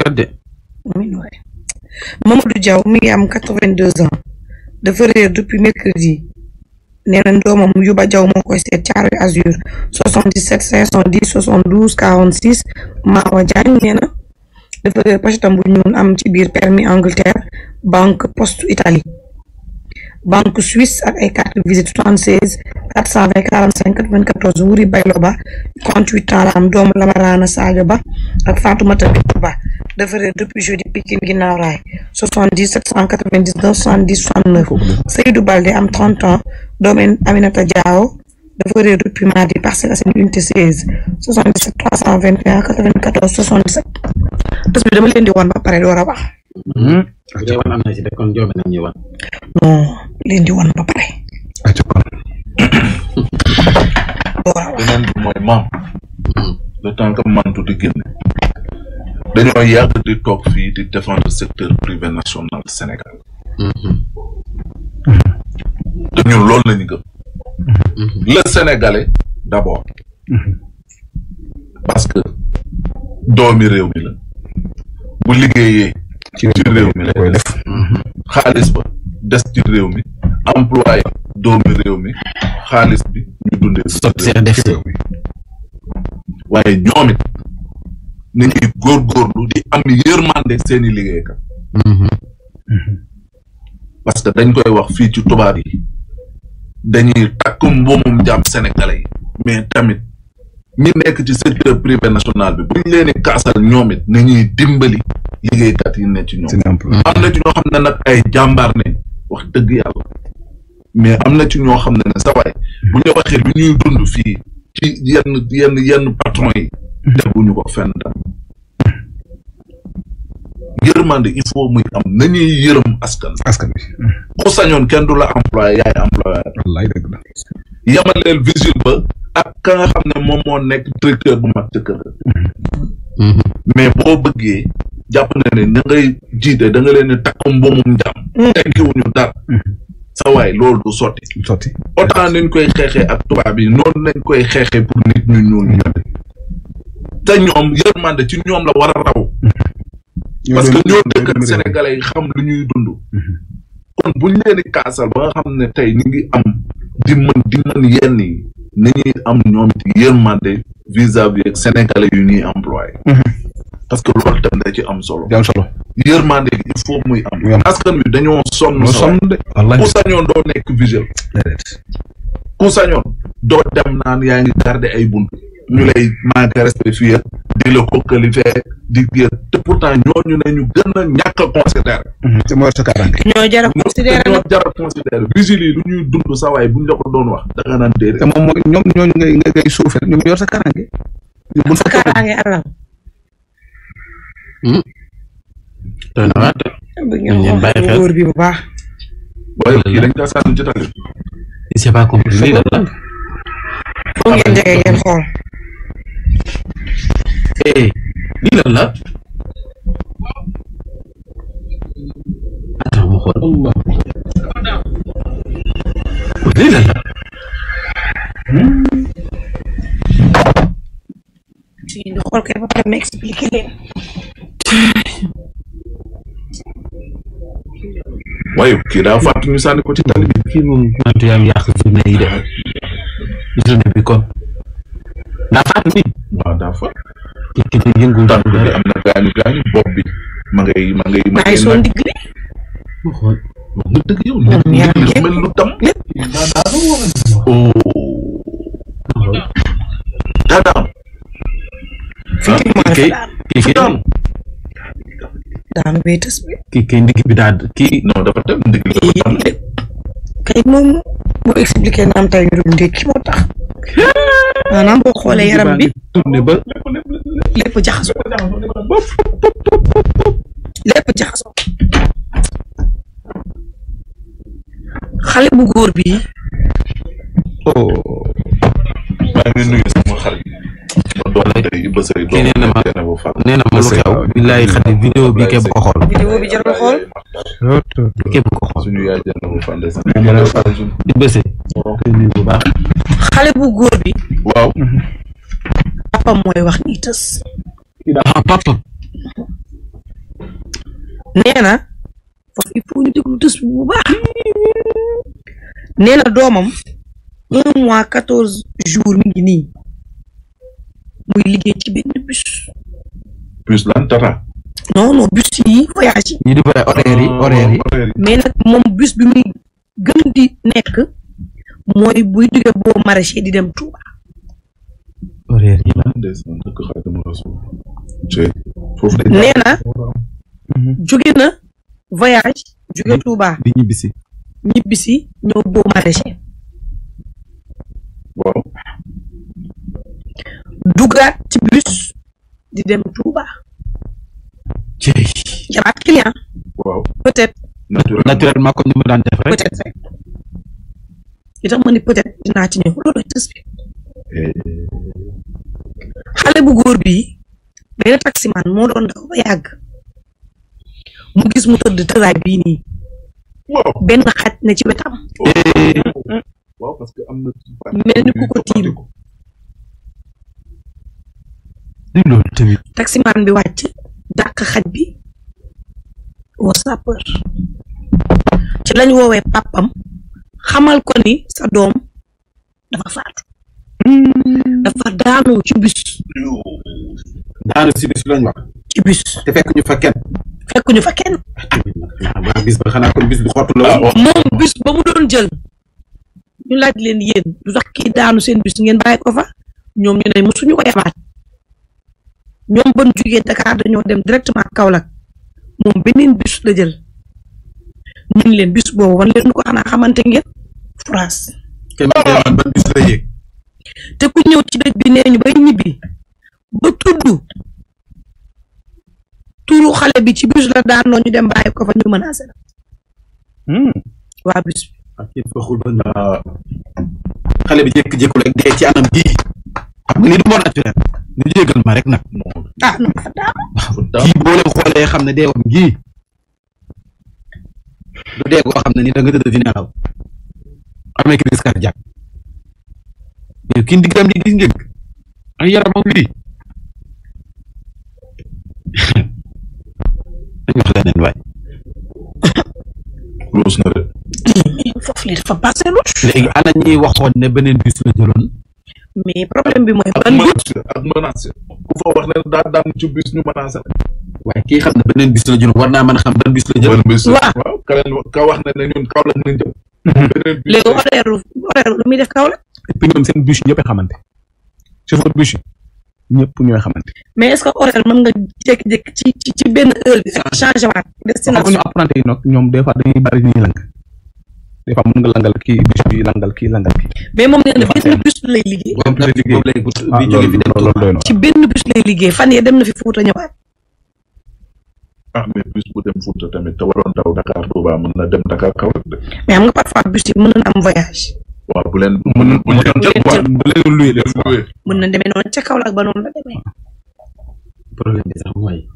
[SPEAKER 1] mi ngi am quatre-vingt-deux ans dafa réer depuis mercredi nee na doomam Yuba Diaw moo koy seet Thiaroye Azur soixante-dix-sept soixante-douze quarante-six Mawa Diagne nee na dafa réer pochetam am ci biir permis Angleterre banque poste Italie banque suisse ak ay carte visite 76 420 45 94 wuri baylo ba 38 ans la am doomu Lamarana Sadio Ba ak Fatoumata Bintou Ba defaree depuis jeudi Pikine ginnaaw raay 70 799 70 69 Seydou Balde am 30 ans doomu Aminata Diawo defaree depuis mardi Parcelles Assainies unité 16 77 321 94 67 tas bi dama leen di woon ba pare door a wax.
[SPEAKER 2] Hmm. Ah, am na si de kon joobe nañu woon.
[SPEAKER 1] non. leen di wan ba pare.
[SPEAKER 5] waaw beneen bi mooy maam. le temps que mantu di génne. dañoo yàgg di toog fii di défendre secteur privé national Sénégal. te ñun loolu la ñu gëm. le sénégalais d' abord. parce que doomi réew mi la. bu liggéeyee. ci réew mi lay def xaalis ba. des ci réew mi employé doomi réew mi xaalis bi ñu dundee ci réew mi waaye ñoom it ni ñuy di am yërmande seeni liggéeykat mhm. parce que dañ koy wax fii ci tubaab yi dañuy takk mbuumum jàmm sénégalais yi mais tamit ñi nekk ci secteur privé national bi buñ leen di kaasal ñoom it nañuy dimbali liggéeykat yi ne ci ñoom am na ci ñoo xam ne nag ay jàmbaar ne wax dëgg yàlla mais am na ci ñoo xam ne ne sa waay bu ñu waxee lu ñuy dund fii ci yenn yenn yenn patron yi teguñu ko fenn tam yërmande il faut muy am nañuy yërëm askan askan bi ku sañoon kenn du la emploi yaay employé wallaay dëgg la yemaleel vigile ba ak ka xam ne moom moo nekk directeur bu mag ca mm-hmm. mais boo bëggee jàpp na ne na ngay jiite da nga leen di takk mbuumum jàmm. Mm. tekkiwuñu dara. Mm-hmm. sa waay loolu du sotti. sotti autant nañ koy xeexee ak tubaab yi noonu nañ koy xeexee pour nit ñu ñuul ñu tamit. te ñoom yërmande ci ñoom la war a raw.
[SPEAKER 3] Mm-hmm. parce que ñoo dëkk ak mm-hmm.
[SPEAKER 5] xam lu ñuy dund. kon bu ñu leen kaasal ba nga xam ne tey ñu ngi am di mën di mën yenn yi ni ñuy am ñoom it yërmande vis-à-vis yu ñuy employé. parce que loolu tamit da am solo. am solo yërmande il faut muy am. askan wi dañoo sonn. sonn de ku sañoon doo nekk vigile. ku sañoon doo dem naan yaa ngi garder ay bunt ñu lay manqué respect fii di la kokkali fee di gën te pourtant ñooñu ne ñu gën a ñàkk a considéré. Mhm. te mooy sa kaaraange.
[SPEAKER 1] ñoo jar a
[SPEAKER 5] considéré lu ñuy dund sa waay buñ doon wax da naan déedéet. te moom mooy ñoom ñooñu ngay ngay
[SPEAKER 2] suufee ñoom yor sa kaaraange. bu sa kaaraange alal.
[SPEAKER 3] Hmm? doy na waat. dañ leen bàyyi xel wóor
[SPEAKER 2] bi bu baax.
[SPEAKER 4] waaye kii dañ kaa sànni jotaale. c'est
[SPEAKER 3] ngeen jege ngeen xool. eh lii lan la. attends xool. lii lan la.
[SPEAKER 1] suñu di xool kay ba pare ma expliqué leen
[SPEAKER 5] waaye kii daa fàtt ñu sànni ko ci tali bi
[SPEAKER 2] kii moom mantu yaam yàq journée yi def journée bi kon
[SPEAKER 5] daa fàtt nit waaw daa fàtt kii bi yëngu tànk bi am na gaañu gaañu bopp bi ma ngay ma ngay ma ngay soon digg li xool wax nga dëgg yow lépp mel lu tam lépp daa daa kii kii daanu.
[SPEAKER 1] daanu bee tës bi.
[SPEAKER 5] kii kii ndigg bi daal dafa tëb ndigg bi
[SPEAKER 1] kay moom boo expliqué naam tey ñu moo tax. maanaam boo xoolee yaram bi tourné ba xale bu góor bi.
[SPEAKER 3] oh.
[SPEAKER 5] kii nee na ma nee na ma lu xew billaay vidéo bi képp ko xool
[SPEAKER 1] vidéo bi jarul
[SPEAKER 3] xool
[SPEAKER 5] képp ko xool di bëse baax
[SPEAKER 1] xale bu góor bi waaw papam mooy wax ni tës ah il faut ñu déglu tës bu baax nee doomam un mois quatorze jours mi nii muy liggéey ci benn bus.
[SPEAKER 5] bus lan Tata.
[SPEAKER 2] non bus yi voyage yi. di bëri horaire yi horaire
[SPEAKER 1] nag moom bus bi muy gën di nekk mooy buy jóge boo maraîcher di dem Touba.
[SPEAKER 5] horaire yi lan
[SPEAKER 1] mhm. na. voyage jóge Touba. di ñibbisi ñibbisi ñëw boo maraîcher. waaw. dugaat ci bus di dem Touba. jeey. y' a client. waaw peut être.
[SPEAKER 3] naturellement comme ni ma daan def rek peut être rek.
[SPEAKER 1] li tax ma ci ñëw loolu tës bi. Eh. xale bu góor bi benn taximaan moo doon daw ba yàgg mu gis mu tëdd tëraay bii nii benn xaj na ci wetam eh.
[SPEAKER 5] mm, mm, mm.
[SPEAKER 1] mel ni ku ko tiim loolu tamit. taximaan bi wàcc dàq xaj bi woo sapeur ci lañ woowee pàppam xamal ko ni sa doom dafa faatu. Hmm. dafa daanu ci bus.
[SPEAKER 3] daanu si bus lañ wax. ci bus te
[SPEAKER 5] fekk ñu fa kenn.
[SPEAKER 1] fekk ñu fa kenn.
[SPEAKER 5] waaw bis ba ah,
[SPEAKER 1] moom bis ba mu doon jël ñu laaj leen yéen du sax daanu seen bus ngeen bàyyi ko fa ñoom ñu ne mosuñu ko yemaat. ñoom ban jugee Dakar dañoo dem directement Kaolack moom beneen bus la jël ñun leen bus boobu wan leen ko xanaa xamante ngeen France. kenn te ku ñëw ci dëj bi nee ñu bay ñibbi ba tudd turu xale bi ci bus la daanoo ñu dem bàyyi ko fa ñu menacé la. Hmm. waa
[SPEAKER 5] bus xale bi jékki-jékki rek dee ci anam gii. xam nga lii du mort naturel ñu jégal ma rek nag ah, ah, kii boo
[SPEAKER 2] leen xam ne deewam gii du dee xam ne ni da nga tëdd di nelaw amee crise cardiaque mais kii ndiggam di gis
[SPEAKER 3] njëg ay yaramam wii dañu wax leneen waay loolu foofu lii dafa passé léegi ana
[SPEAKER 5] ñi waxoon ne beneen bis la jëloon
[SPEAKER 3] mais
[SPEAKER 1] problème bi mooy. ban
[SPEAKER 5] ak menacé ku fa wax ne daan daan ci bis ñu menacé la. waaye kii xam na beneen bis la jël war naa mën a xam ban bis la jël. waaw ka wax ne ne ñun kaw mhm. la ñu
[SPEAKER 1] jëm. def kaw la. et seen bus ñëpp a xamante chauffeur bus ñëpp ñooy xamant mais est-ce que horaire mën nga jékki-jékki ci ci benn heure bi. changement destination.
[SPEAKER 5] apprenti yi nag ñoom des fois dañuy bari ñuy lank. des fois mën nga langal kii bus bi langal kii langal kii.
[SPEAKER 1] mais moom nee na benn bus lay liggéey.
[SPEAKER 5] moom lay liggéey ci
[SPEAKER 1] benn bus lay liggéey fan yee dem na fi Fouta ñëwaat.
[SPEAKER 5] ah mais bus bu dem Fouta tamit te waroon daw Dakar Touba mën na dem Dakar kaw de.
[SPEAKER 1] mais xam nga parfois bus yi mën na am voyage.
[SPEAKER 5] waaw bu leen mën na mën na jël bu leen luy def
[SPEAKER 1] mën na demee noonu ca Kaolack ba noonu la demee.
[SPEAKER 3] problème bi sax mooy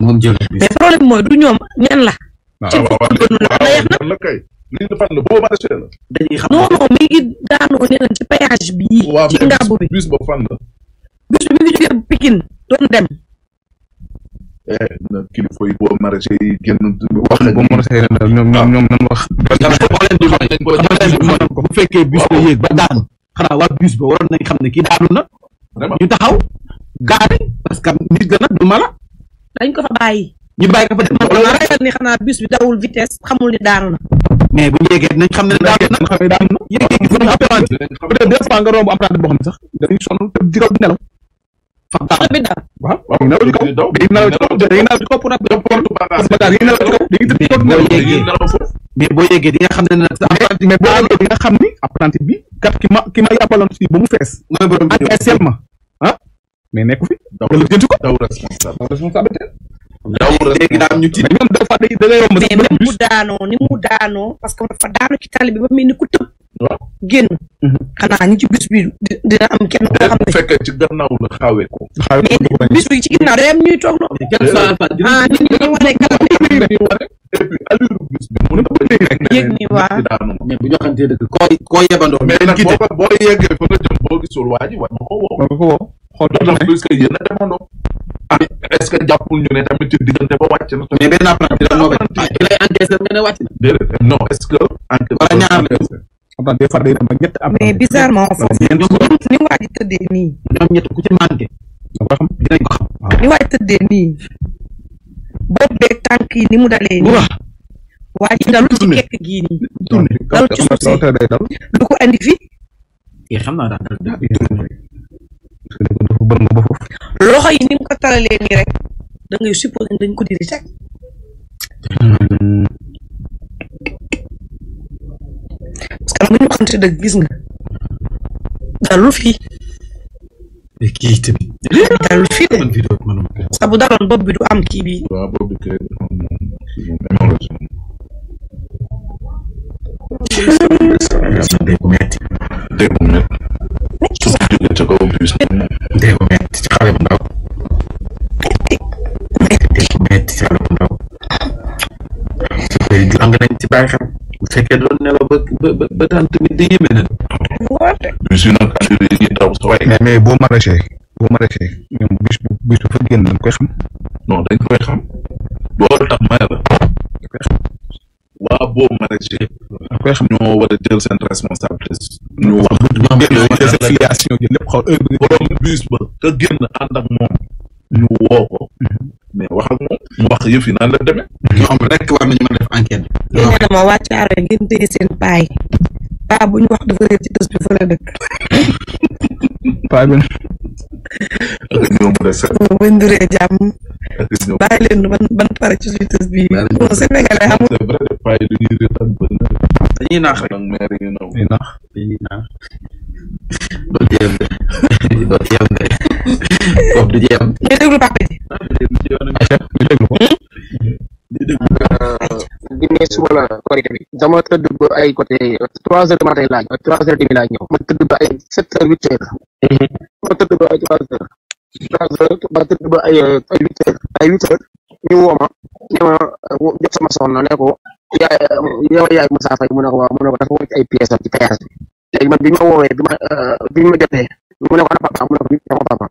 [SPEAKER 3] moom jël mais
[SPEAKER 1] problème mooy du ñoom ñan la. ci waaw li ñu fan
[SPEAKER 5] la boo marché la. dañuy xam non
[SPEAKER 1] non mi ngi daanoo ne leen ci péage bii. ci ngàbbu bi bus
[SPEAKER 5] boobu fan la. bus bi mi ngi jógee Pikine doon dem. na kilifa boo maraîcher wax la boo
[SPEAKER 2] maraîcher bu fekkee bus ba yéeg ba daanu xanaa waa bus ba waroon nañ xam ne kii daanu na. ñu taxaw gaare parce que nit la nag du mala.
[SPEAKER 1] dañ ko fa bàyyi. ñu bàyyi ko fa dem xanaa bus bi dawul vitesse xamul ni daanu na. mais bu ñu yeggee nañ xam ne daal na xam ne daal na yeggee gis nañ apprenti peut-être des fois nga romb apprenti boo xam ne sax dañuy
[SPEAKER 5] sonn te di kaw di nelaw faa bi daal waaw waaw nelaw ci kaw dañuy nelaw ci kaw dañuy nelaw ci kaw pour parce que dañuy nelaw ci kaw dañuy tëdd kaw boo yeggee mais boo yeggee di nga xam ne nag apprenti mais boo yeggee di nga xam ni apprenti bi kat ki ma ki ma yàppaloon fii ba mu fees mooy borom ak ma ah mais nekku fi daw la jënti ko daw responsabilité
[SPEAKER 3] léegi daal ñu tiit ñoom
[SPEAKER 1] dafa dangay yomb mais même bu daanoo ni mu daanoo parce que dafa daanu ci tali bi ba mel ni ku tëb génn mhm. xanaa ñi ci bis bi dina am kenn koo xam
[SPEAKER 5] ne fekkee ci gannaaw la xawee ko mais bis bi ci ginnaaw day am ñuy toog loolu
[SPEAKER 3] ah nit ñi wane kanam ni wane et puis allure
[SPEAKER 5] bis bi yëg ni waa mais koo koo yebandoo mais nag boo yeggee fa nga jëm boo gisul waa ji war na ko woo war na ko woo xool est-ce que jàppul ñu ne tamit ci diggante ba wàcc na. mais benn
[SPEAKER 2] apprenti bizarrement foofu ni
[SPEAKER 1] waa ji tëddee nii.
[SPEAKER 2] ñoom ñett ku ci manqué. nga xam dinañ ko xam.
[SPEAKER 1] ni waa ji tëddee tànk yi ni mu dalee nii. waa ji dalu ci kekk ne ko dafa bën ba loxo yi ni ko talalee nii rek da ngay dañ ko diri teg. parce que bu ñu waxante dëgg gis nga dalul fii. kii tamit. bi du am kii
[SPEAKER 5] ko
[SPEAKER 4] bus dee ko metti xale bu ndaw dee ko ci xale bu ndaw chauffeur yi jàng nañ ci xel bu doon
[SPEAKER 5] nelaw ba ba ba daan tamit di yéeme na bus yi nag assuré yi taw sa waay mais boo maraîcher boo maraîcher ñoom bus bu bus bu fa génn dañ koy xam non dañ koy xam loolu tax ma la waa boobu maraîcher koy xam ñoo war a jël seen responsabilité ñu wax seen filiation gi lépp xaw borom bus ba ka génn ànd moom ñu woo mais wax mu wax yëf a naan la demee ñoo xam rek war nañu mën a def enquête
[SPEAKER 1] yéen ma waa Thiaroye ngeen téye seen paay paa bu ñu wax dafa réer ci dës bi la dëkk paa bi wëñ duree jàmm bàyyi ci suñu tës bi
[SPEAKER 5] Sénégalais waaye dañuy yi ñoom dañuy naax dañuy naax. doo ci yem de
[SPEAKER 3] doo ci yem de kooku du ci yem.
[SPEAKER 2] ñu déglu papa ji.
[SPEAKER 3] ñu déglu ko. Hmm?
[SPEAKER 2] dimanche suba la korite bi dama tëdd ay côté trois heures du matin laa ñëw trois heures demi laa ñëw ma tëdd ba ay sept heures huit heures hmm. ba ay trois ay huit heures ay huit heures ñu woo ma ne jot sama soxna ne ko yaay yow yaay Moussa Faye mu ne ko waaw mu ne ko dafa wàcc ay pièces ci péage bi léegi man bi ma woowee bi ma euh, bi ma jotee mu ne ko ana papa mu ne ko bii sama papa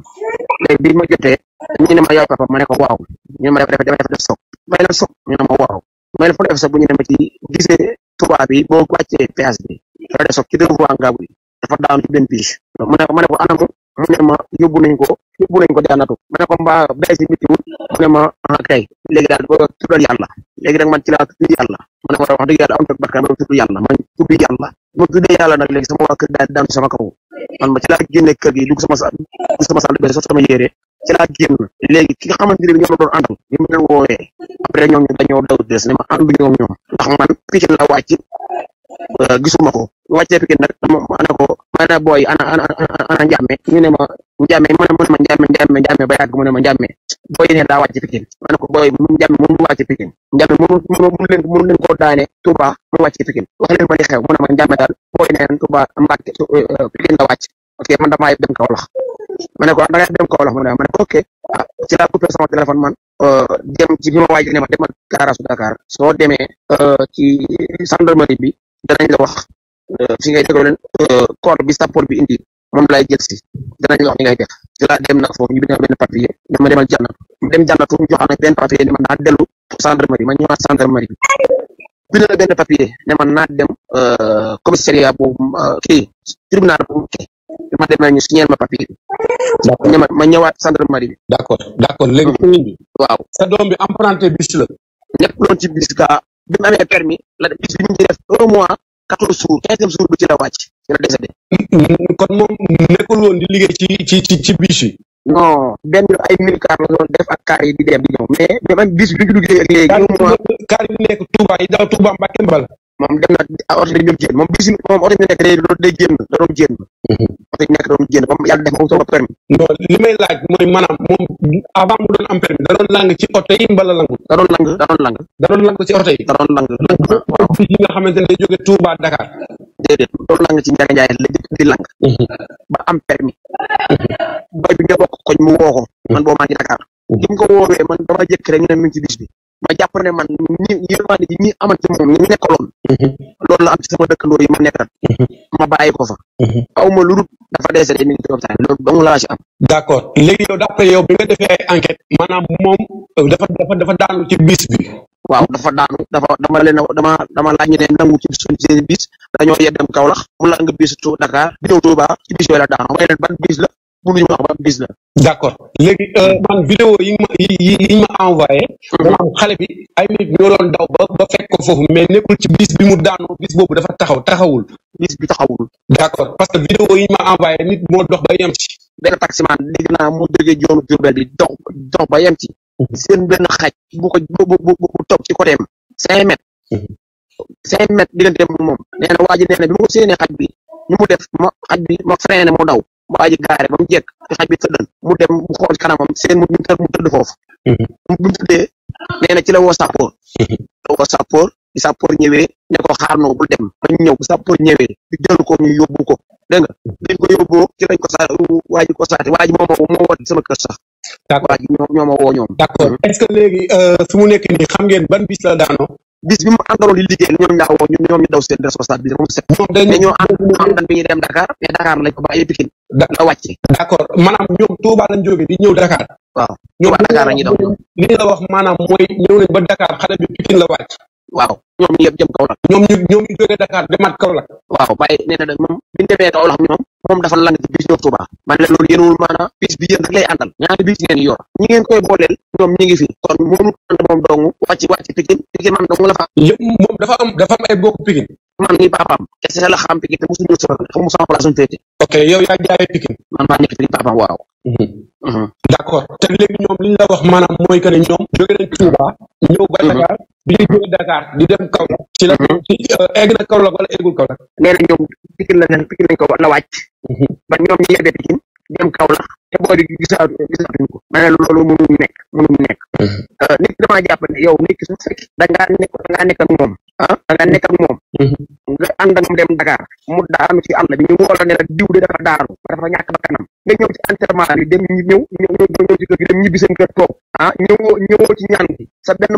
[SPEAKER 2] léegi bi ma jotee ñu ne ma yaay papa ma ne ko waaw ñu ne ma dafa dafa def soog may la soog ñu ne ma waaw may la fu def soog bu ñu ne ma ci gisee tubaab bi boo wàccee péage bi dafa def soog ci deux voies ngaabu yi dafa daanu ci benn piste mu ne ko ma ne ko anamu mu ne ma yóbbu nañ ko yóbbu nañ ko daanatu ma ne ko mbaa bay si météo mu ne ma ah kay léegi daal boo tuddal yàlla léegi nag man ci laa tudd yàlla ne war a wax dëgg yàlla am na barkaam tudd yàlla man tudd yàlla ma tuddee yàlla nag léegi sama waa kër daal daanu sama kaw man ma ci laa génne kër gi dugg sama sa dugg sama sama yére ci laa génn ki nga xamante ne bi ñoo ma doon àndal ñu ma leen woowee après ñoom ñu dañoo daw ma àndu ñoom ñoom ndax man Pikine la wàcc euh, gisuma ko wàccee Pikine nag ma ne ko ma ne booy ana ana njàmme mu ne ma njàmme njàmme njàmme ba yàgg mu ne ma njàmme booy yi ne daa wàcc Pikine ma ko mu njàmme mu wàcc Pikine njàmme mu mu leen mu leen daane Touba mu wàcc Pikine wax leen ma xew mu ma njàmme daal booy yi ne Touba Mbàkke euh, euh, la wàcc ok man damaa dem Kaolack ma ne ko da nga dem Kaolack mu ma ne ko ok ah ci laa coupé sama téléphone man euh, dem ci bi ma waaj ne ma demal garage Dakar soo demee ci gendarmerie bi danañ la wax fi ngay déggoo leen corps bi sappoor bi indi moom lay jël si danañ la wax ni ngay def ci laa dem nag foofu ñu bind benn papier dama demal jànnatu mu dem jànnatu ne man naa dellu gendarmerie ma ñëwaat gendarmerie bi bind na benn papier ne man naa dem euh, commissariat boobu euh, kii tribunal boobu kii ma dem ñu signé ma bi ma ñëwaat gendarmerie mm-hmm. waaw sa doom bi emprunté bis la nekk loon ci bis gaa bi mu amee permis la bis bi mu ngi def mois quatorze jours quinzième jour bi ci la wàcc ci la décédé. kon moom nekkul woon di liggéey ci
[SPEAKER 4] ci ci ci bus yi.
[SPEAKER 2] benn ay mille car la doon def a car yi di dem di ñëw mais même bis bi ñu duggee ak léegi. car yi nekk Touba yi daal Touba Mbacke Mbal. moom dem na oto dañu da doon génn. oto ñu nekk da doon génn comme yàlla def moom soog a permis. non li may laaj mooy maanaam moom avant mu doon da doon lang ci oto yi mbala langu. da doon lang da da doon lang ci oto yi. da la di lang. Mhm. ba am permis. ba bi ñoo bokk koñ mu woo ko. man boo maa ngi Dakar. ki mhm. mu ko woowee man dama jëkk ñu ne mi ci bis ma jàpp ne man ñi yërmande ji ñi nekk ci lool la am ci sama dëkkandoo yi ma nekk nekkal mm-hmm. ma bàyyi ko fa mm-hmm. aw ma lu dul dafa deesede mi ngi ci dong laa ci am d'accord léegi yow d'après yo bi nga defee enquête maanaam moom euh, dafa dafa dafa daanu ci bis bi waaw dafa daan dafa dama leen dama dama laaj ñu ne nangu ci suñ seen bis dañoo yet dem Kaolack mu la nga bis Dakar di ñëw Touba ci bis yooyu la daanu may leen ban bis la mënuñu wax ba am gis na. d' accord léegi euh, man vidéo yi ma yi ma envoyé. Mhm. maanaam xale bi ay nit ñoo doon daw ba ba fekk ko foofu mais nekkul ci bis bi mu daanoo bis boobu dafa taxaw taxawul. bis bi taxawul. d' accord parce que vidéo yi ma envoyé nit moo dox ba yem ci. benn taximan dégg naa mu jógee joonu Jurbel dox ba yem ci. Mhm. seen benn xaj bu ko bu bu bu ci côté am cinq mètres. Mhm. cinq mètres diggante moom nee na waa ji bi ma ko xaj bi ñu mu def ma xaj bi ma freiné mu daw. waa ji gaare ba mu jekk xaj bi tëddal mu dem mu xool kanamam seen mu tëdd mu tëdd foofu mhm. bu mu tëddee nee na ci la woo sàppoor la mhm. woo sàppoor bi sàppoor ñëwee ne ko xaar noo bul dem bañ ñëw bu sàppoor ñëwee ñu jël ko ñu yóbbu ko dégg nga mhm. biñ ko yóbboo ci lañ ko saa waa ji ko saate waa ji moo kër sax waa ji ñoo ñoo ma woo ñoom d'accord est-ce que léegi su euh, mu nekk nii xam ngeen ban bis la daanoo bis bi mu àndaloon di liggéey ñoom ñaa woo ñoom ñu daw seen responsabilité moom set ñoom dañoo ànd bi ñu dem Dakar mais Dakar lañ ko bàyyi dana wàcc. d' accord maanaam ñoom Touba lañ jógee di ñëw Dakar. waaw ñoom Dakar la ñuy daw li nga wax maanaam mooy ñëw nañ ba Dakar xale waaw ñoom ñu yëpp jëm Kaolack. ñoom ñu ñoom ñu jógee Dakar demaat Kaolack. waaw waaye nee na nag moom bi ñu demee Kaolack ñoom moom dafa lang ci bis ñoom Touba. man la loolu yéenul maanaam bis bi yéen rek lay àndal ñaari bis ngeen yor ñi ngeen koy booleel ñoom ñi ngi fi kon moom ànd moom dong wàcc wàcc Pikine Pikine man dong la fa. dafa am dafa am man ni papaam kese la xam Pikine te mosu ñu sori xam mosu ma suñu féete. ok yow yaa jaaree Pikine. man maa nekk Pikine
[SPEAKER 3] papaam waaw. Mhm. Mhm.
[SPEAKER 2] d' te léegi ñoom li la wax maanaam mooy ka ne ñoom jóge nañ bi mhm. ñuy di dem Kaolack. ci la ci euh, egg na Kaolack wala eggul Kaolack. nee la ne Pikine ko war na wàcc. ba ñoom ñu yeggee Pikine dem Kaolack te booy di gisaatu gisaatuñ ko ma ne loolu mënuñu nekk mënuñu nekk. Euh, nit ki damaa jàpp ne yow nit ki da ngaa nekk da ngaa nekk moom. ah nga nekk ak moom. Mm-hmm. nga ànd ak moom dem Dakar mu daanu ci àll bi ñu wóor la diw de dafa daanu dafa ñàkk bakkanam nga ñëw ci enterrement dem ñëw ñëw ñëw ci kër gi dem ñibbi seen kër ah, ci ñaan gi sa benn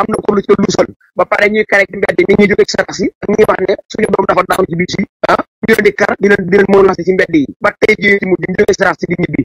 [SPEAKER 2] am na ko lu ca lusal ba pare ñuy kare ci mbedd ni ñuy jóge ci satas yi wax ne suñu doom dafa daanu ci bis yi ah, ñu di kar di leen di ci mbedd yi ba tey ci mujj ñu jóge satas si di ñibbi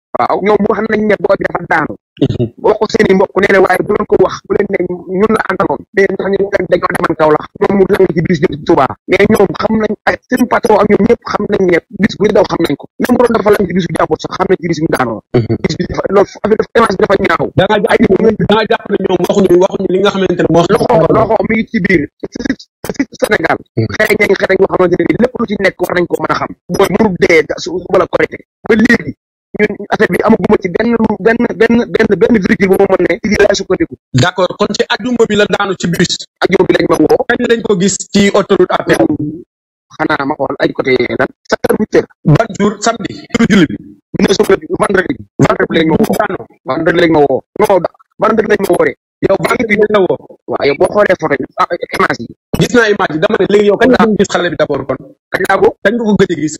[SPEAKER 2] waaw ñoom wax nañ ne booy bi dafa daanu. wax ko seen i mbokk nee na waaye bu mu xam nañ ay seen patron ak ñoom ñëpp xam nañ ne bis bu daw xam nañ ko li nga xamante ne moo. loxo loxo mi ngi ci biir ci Sénégal. Hmm. xëy nañ lépp lu ci nekk war nañ ko mën a xam. booy mënul dee su wala korite ba léegi ñun affaire bi amaguma ci benn benn benn benn benn virgule bu ma mën ne ci laay sukkandiku. d' accord kon ci ajuma bi a daanu ci bus. ajuma bi lañ ma woo. kañ ko gis ci autoroute à péage. xanaa ma xool ay côté lan. sept heures huit heures. ban jour samedi. jour julli bi. ñu ne suba vendredi. vendredi lañ ma woo. vendredi lañ ma woo. non vendredi lañ ma wooree. yow vendredi lañ la woo. waaw yow boo xoolee photo ah, image yi. gis naa image yi dama ne léegi yow kañ laa gis xale bi d' kon. kañ laa ko kañ nga ko gëj a gis.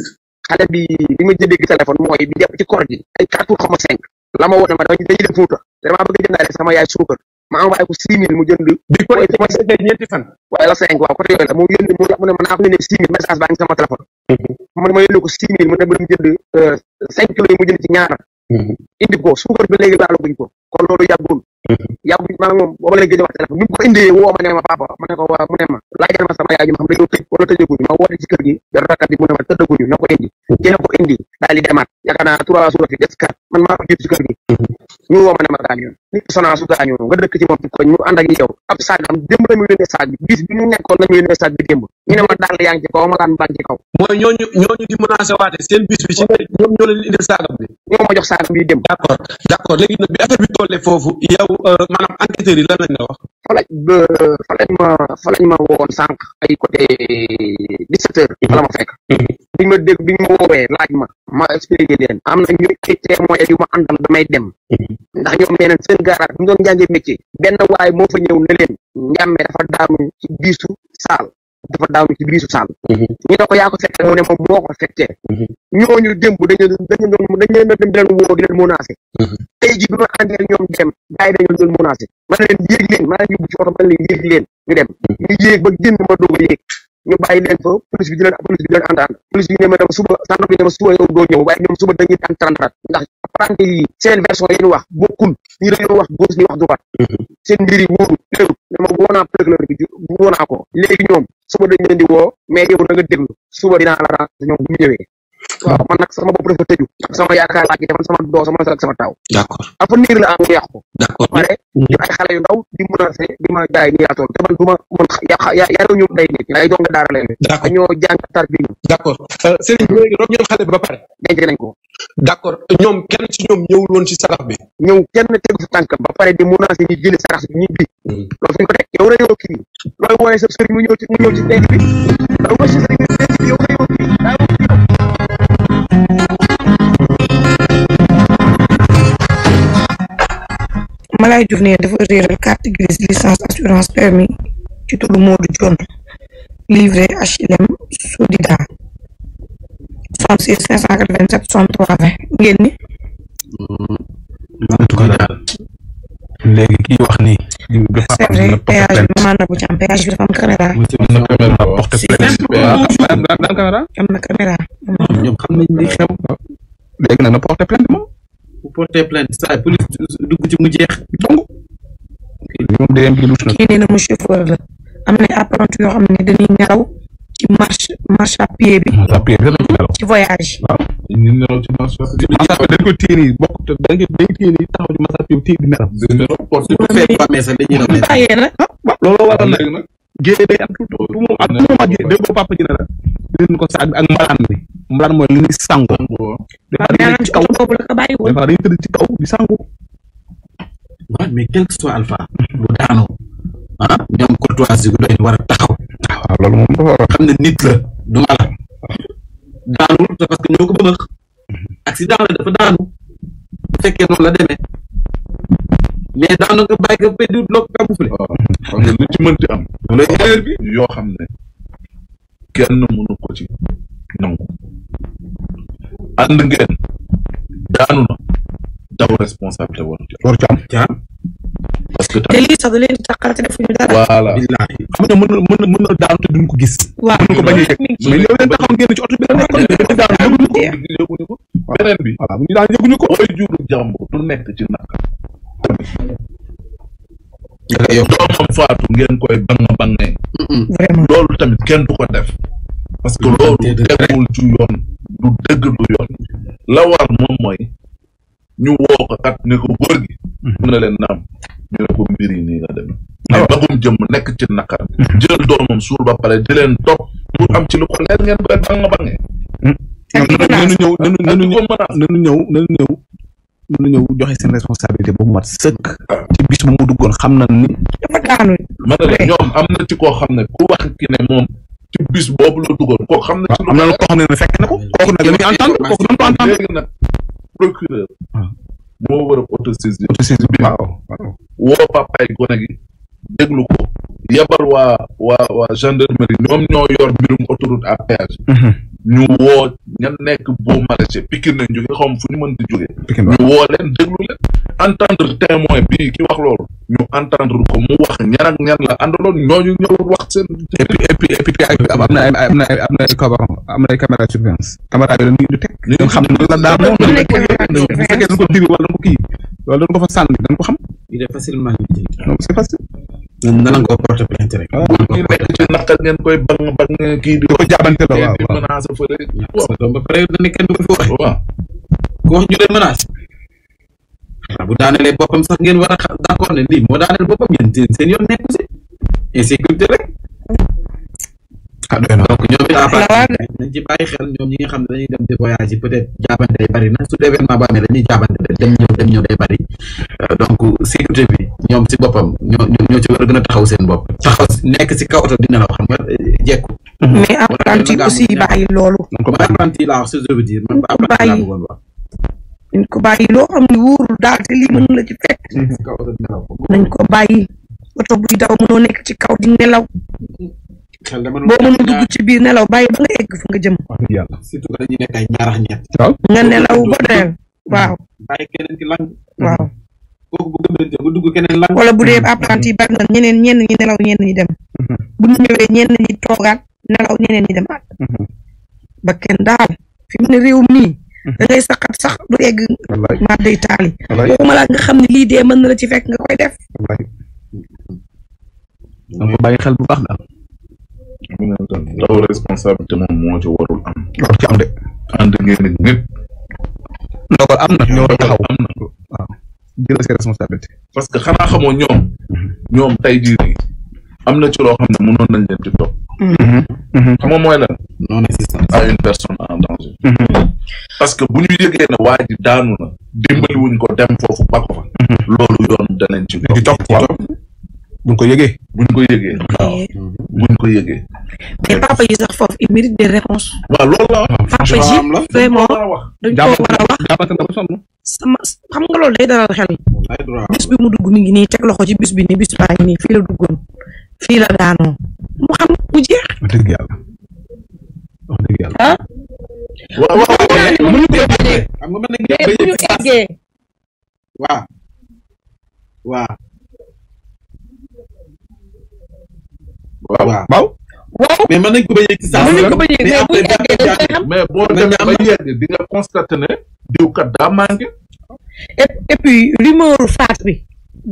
[SPEAKER 2] xale bi bi ma jëndee téléphone mooy bi jàpp ci koor gi ay quatre xaw ma cinq la ma woote ma dañuy dem Fuuta dama bëgg jëndaale sama yaay suukar ma envoyé ko six mille mu jënd. di ko ñeenti fan. waaye la cinq waaw côté yooyu la mu yónni mu ne ma naa ko yónnee six mille message baa ngi sama téléphone. Mm-hmm. man ma yónnee ko six mille mu ne ma dem jënd euh, yi mu jënd ci ñaar. Mm-hmm. indi ko suukar bi léegi laalaguñ ko kon loolu yàggul. yow bi maa moom booba la gëj a wax téléphone bi mu ko ma ne yaay ji ma xam dañoo tëj wala tëjaguñu ma woote ci kër gi yor rakkat bi indi ci indi daal demaat yaakaar naa trois jours des man maa ko jiitu ñu woo a ne ma gaañu nit ku gaañu nga dëkk ci moom ko ñu ànd ak yow ab saagam démb la ñu saag bis bi ñu nekkoon la ñu yónnee saag bi démb ñu ne ma daal yaa ci kaw mooy ñooñu ñooñu di menacé waate seen bis bi ci ñoom ñoo leen bi. ñoo ma jox bi démb. d' accord léegi nag bi affaire bi foofu yow euh, maanaam enquêteurs yi lan lañ fa lañ fa lañ ma fa lañ ma woon sànq ay côté dix sept heures fa la ma fekk mm-hmm. biñ ma dégg biñ ma woowee laaj ma ma expliqué leen am na ñu ci témoin yu ma àndal damay dem mm-hmm. ndax ñoom nee nañ seen garage bu ñu doon jàngee métier benn waay moo fa ñëw ne leen njàmmee dafa daanu ci biisu saal dafa daaw ci biisu saal mhm. ko yaa ko fekkee ne moom moo ko fekkee mhm. ñooñu dem di leen woo mhm. bi ma àndee ak ñoom dem gars yi dañoo doon menacé ma ne leen yéeg leen maa leen yóbbu ci oto ma ne leen yéeg leen ñu dem ñu yéeg ba génn ma doog a yéeg ñu bàyyi leen fa police bi di leen police bi di leen ànd ànd police bi ne ma dama suba sànq bi ne ma suba yow doo ñëw waaye ñoom suba dañuy daan ndax apprenti yi version yi ñu wax bokkul ñi dañoo wax gauche ni wax seen mbir yi wóoru léeru dama woo naa ko léegi ñoom suba dañ leen di woo mais yow da nga déglu suba dinaa la raas ñoom bu ñu ñëwee. waaw man nag sama bopp dafa tëju sama yaakaar laa ci defal sama doo sama sag sama taaw. d' la am mu yàqu. d' accord pare ñu ay xale yu ndaw di menacé di ma jaay ni yaa toll te man du ma man yaru ñu day nit ay dong daara leen. d' accord ñoo jàng tar euh, bi ñu. d' xale ba pare. denc nañ ko. d'accord ñoom kenn ci ñoom ñëwul ci sarax bi. ñëw kenn tegu sa tànk ba pare di menacer ñu jëli sarax bi ñibbi. Hmm. loolu fi ñu ko teg yow rek mu ñëw ci mu
[SPEAKER 3] bi
[SPEAKER 1] looy woowee dafa réeral carte grise licence assurance permis ci turu Modou Dione livré HLM Sodida. 36 587 63 20 ngeen ni.
[SPEAKER 3] en tout cas daal léegi kii wax nii. c'est vrai péage bi
[SPEAKER 1] maanaam bu ci am péage bi dafa am caméra.
[SPEAKER 3] am na
[SPEAKER 5] caméra porte plainte am na caméra. ñoom
[SPEAKER 1] xam nañ li xew.
[SPEAKER 5] léegi nag na porte plainte moom. bu porte plainte saa police dugg ci mu jeex donc.
[SPEAKER 1] kii nee na mu chauffeur la am na apprenti yoo xam ne dañuy nelaw. ci marche marche à pied bi. marche à pied bi ci voyage. waaw ñu
[SPEAKER 5] nelaw ci marche à pied bi. dañ ko téye nii bokk dañ à pied bi téye di nelaw. di nelaw porte bu fekk ba waral nag. géej day am tout tout moom ak tout moment géej day ko papa ji ne ko saag bi mbalaan bi mbalaan mooy li ñuy sangu. dafa ah, dañuy ci kaw ci kaw di sangu. waaw mais quel que alpha. lu daanoo ah ñoom courtoisie gu doy war a taxaw. waaw loolu moom dafa xam ne nit la du mala daanul te parce que ñoo ko bëmëx accident la dafa daanu bu fekkee noonu la mais daanu nga bàyyi ko péddu loo ko camouflé xam nga li ci mënti am yoo xam ne kenn mënu ko ci nangu ànd ngeen daanu na daw responsabilité war ci am parce que te lii
[SPEAKER 1] sax mën na
[SPEAKER 5] mën na mën na daanu te ko gis.
[SPEAKER 3] waaw mën ko bañ a yëg mais bu
[SPEAKER 5] ko. dafay nekk ci naka. doomam faatu ngeen koy bang bangee. loolu tamit kenn du ko def. parce que loolu tegul ci yoon du dëgg du yoon la war moom mooy ñu woo ko ko góor gi. Mm-hmm. mun na leen naam. ñu ne ko mbir yi nii la demee. Ah mais magum jëmm nekk ci naqar. jël doomam suul ba pare di leen topp pour am ci lu ko leer ngeen bëgg bang bange. Hmm. nanu ñëw nanu nanu ñëw joxe seen responsabilité ba mu mat sëkk. ci bu duggoon xam na ni. dafa daanu. am na ci koo xam ne ku wax ki ne moom. ci bis boobu la duggoon kooku xam na. ci am na koo xam ne fekk na ko kooku nag la ñuy entendre kooku nañ ko entendre. léegi nag procureur. Ah. moo war a autosaisir. autosaisir waaw waaw. woo papaay gone gi déglu ko yebal waa wa waa gendarmerie ñoom ñoo yor mbirum autoroute à péage mhm. ñu woo ña nekk boo maraîcher pikir nañ jóge xaw ma fu ñu mën di jóge ñu woo leen déglu leen entendre témoin bii ki wax loolu ñu entendre ko mu wax ñan ñan la àndaloon ñooñu ñëw wax seen et puis am na am na am na am na caméra surveillance caméra yooyu ñu teg ne la daal bu fekkee ko diri wala dañ ko kii wala dañ ko fa sànni dañ ko xam il est facilement lijjanti. donc c'est facile. nan la nga ko porté plainte rek. ndaxtal ngeen koy bang bang kii di. ko jaabante la waaw waaw menace fële. ba pare dañ ne kenn du ko fi waxee. waaw bu daanelee boppam sax ngeen war a d'accord
[SPEAKER 2] ne lii moo daaneel boppam yéen seen yoon nekk si insécurité rek. donc ñoom it à nañ ci bàyyi xel ñoom ñi nga xam ne dañuy dem di voyage yi peut-être
[SPEAKER 5] jaabante day bari na su dee événement ba amee dañuy jaabante dem ñëw dem ñëw day bari euh, donc sécurité bi ñoom si boppam ñoo ñoo ci war a gën a taxaw seen bopp taxaw nekk si kaw oto dina la xam nga euh,
[SPEAKER 2] jekku mais apprenti aussi bàyyi loolu ma apprenti laa wax si je veux dire man apprenti laa
[SPEAKER 1] bëggoon wax nañ ko bàyyi loo xam ne wóorul daal te lii mën la ci fekk nañ ko bàyyi oto buy daw mënoo nekk ci kaw di nelaw
[SPEAKER 3] xel dama
[SPEAKER 2] boo mënul
[SPEAKER 1] ci biir nelaw bàyyi ba nga egg fa nga jëm.
[SPEAKER 2] yàlla surtout dañuy nekk ay ñaarax ñett.
[SPEAKER 1] waaw nga nelaw ba doyal waaw.
[SPEAKER 2] bàyyi keneen ki wala bu dee
[SPEAKER 1] apprenti yi bari ñeneen ñenn ñi nelaw ñenn ñi dem. bu ñu ñëwee ñenn ñi toogaat nelaw ñeneen ñi demaat. ba ken daal fi mu ne réew mii. da ngay saxat sax du egg. wallaay maa day taali. wallaay waxuma la nga xam ne lii dee mën na la ci fekk nga koy def.
[SPEAKER 2] xel bu baax daal.
[SPEAKER 5] mu ne taw responsabilité moom moo ci warul am. loolu ci am de. ànd ngeen ak nit. ndogal am na ñoom ñoom tey nii am na ci xam ne mënoon nañ leen di topp. Mm-hmm. xam nga mm-hmm. parce que bu ñu yëgee ne ji daanu na dimbali wuñ ko dem foofu ba ko fa. Mm-hmm. loolu yoon danañ ci. di topp waaw buñ ko yëgee. buñ ko yëgee. waaw buñ ko yëgee.
[SPEAKER 1] mais papa sax foofu il mérite des réponses. vraiment dañ ko war wax sama xam nga lool day dalal xel. bis mu dugg mi ngi nii teg loxo ci bis bi nii ngi nii fii la duggoon fii la daanoo mu xam mu jeex.
[SPEAKER 3] wax dëgg yàlla ah? waaw waaw. waaw
[SPEAKER 5] a mën nañ ko ba yegg si saa si lan mais boo demee ba yegg di nga constaté
[SPEAKER 2] ne diwkat daa manqué.
[SPEAKER 3] et puis rumeur faat bi.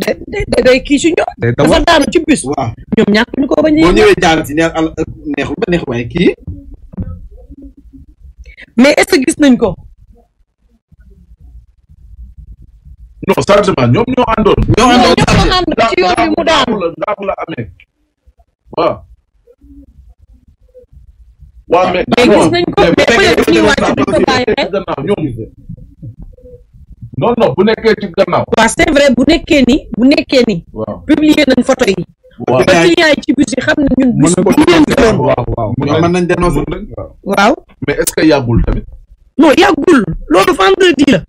[SPEAKER 3] da
[SPEAKER 2] da day kii si ñoom. dafa daanu ci bis. waaw ñoom ñàkk ñu ko bañ a. boo ñëwee jaar si neex neexul ba neex waaye kii. mais est gis nañ ko.
[SPEAKER 5] non certainement ñoom ñoo àndoon. ñoo àndoon ci yoon bi mu daanu la amee. waaw. waaw mais d'accord mais bu nekkee ci
[SPEAKER 1] c'est vrai bu nekkee ni bu nekkee ni. waaw publier nañ photo yi. ba client ci bus yi xam ne ñun. bus bu ñu leen
[SPEAKER 5] waaw waaw mën nañ dénoncer waaw. mais est-ce que tamit.
[SPEAKER 1] non yàggul
[SPEAKER 5] loolu vendredi la.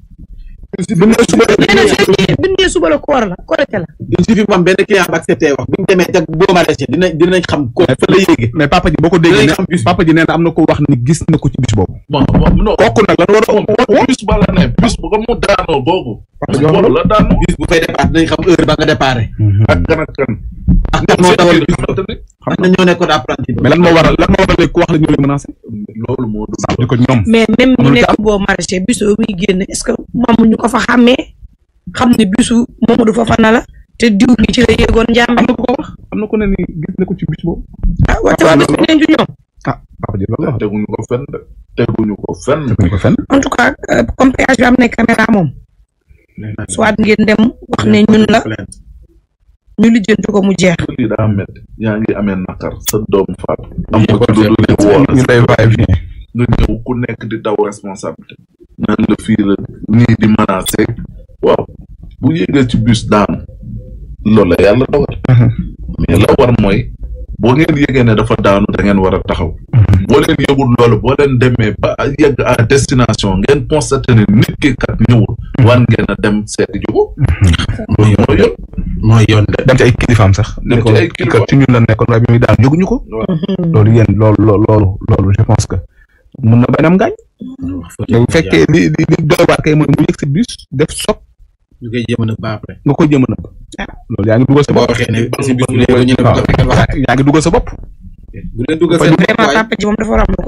[SPEAKER 5] bindee suba la koor la korite la. il suffit mu am benn client bu accepté wax bu ñu demee ca boo maraîcher dina dinañ xam ko fa la yéege. mais papa boo ko déggee ne papa ji am na ko wax ni gis na ko ci bis boobu. bon nag lan war a wax bis ba la ne bis bu ko mu daanoo boobu. bis boobu la daanoo bis bu fay départ dinañ xam heure ba nga déparé. Mhm. ak kan ah ñoom moo tawal xam na ñoo nekkoon apprenti. mais lan moo waral lan moo waral léegi ku wax la ñu lay menacé. loolu moo doon ko ñoom.
[SPEAKER 1] mais même ñu nekk boo marché bisu buy génn est ce que moom ñu ko fa xàmmee xam ne bisu Mamadou mo la fa diw bi ci la yéegoon njàmb. am na ko wax na ko ko ci bis boobu. ah
[SPEAKER 3] waaw te wax bis bi neen
[SPEAKER 1] ci ñoom.
[SPEAKER 5] ah papa ji loolu wax teguñu ko fenn teguñu ko fenn. teguñu ko fenn. en tout cas euh,
[SPEAKER 1] comme péage bi am na caméra moom. soit ngeen dem wax ne ñun la. ñu lijjanti ko mu jeex.
[SPEAKER 5] daa métti yaa ngi amee naqar sa doom faat. am ko ci lu ñëw ku nekk di daw responsabilité. naan la fii la nii di menacé. waaw bu yéegee ci bus daanu. loolu la yàlla dogal. mais la war mooy. boo ngeen yëgee ne dafa daanu da ngeen war a taxaw. Mhm. boo leen yëgul loolu boo leen demee ba yegg à destination ngeen constaté ne nit ki kat ñëwul. Mhm. war ngeen a dem seeti jóg.
[SPEAKER 3] Mhm. loolu
[SPEAKER 5] mooy yoon. mooy yoon dem ci ay kilifaam sax. dem ci ay kilifaam ci ñun la nekkoon waaye bi muy daan ko. Hmm. loolu yéen loolu loolu loolu je pense que mun na bañ am gaañ.
[SPEAKER 3] bu fekkee li li
[SPEAKER 5] li doy waar kay mu yëg si bus def soog. ñu koy jéem a nëbb ba après. nga koy jéem a nëbb. Ah. loolu yaa ngi dugal sa bopp. yaa ngi dugal sa bopp. bu leen dugal moom dafa war a am lu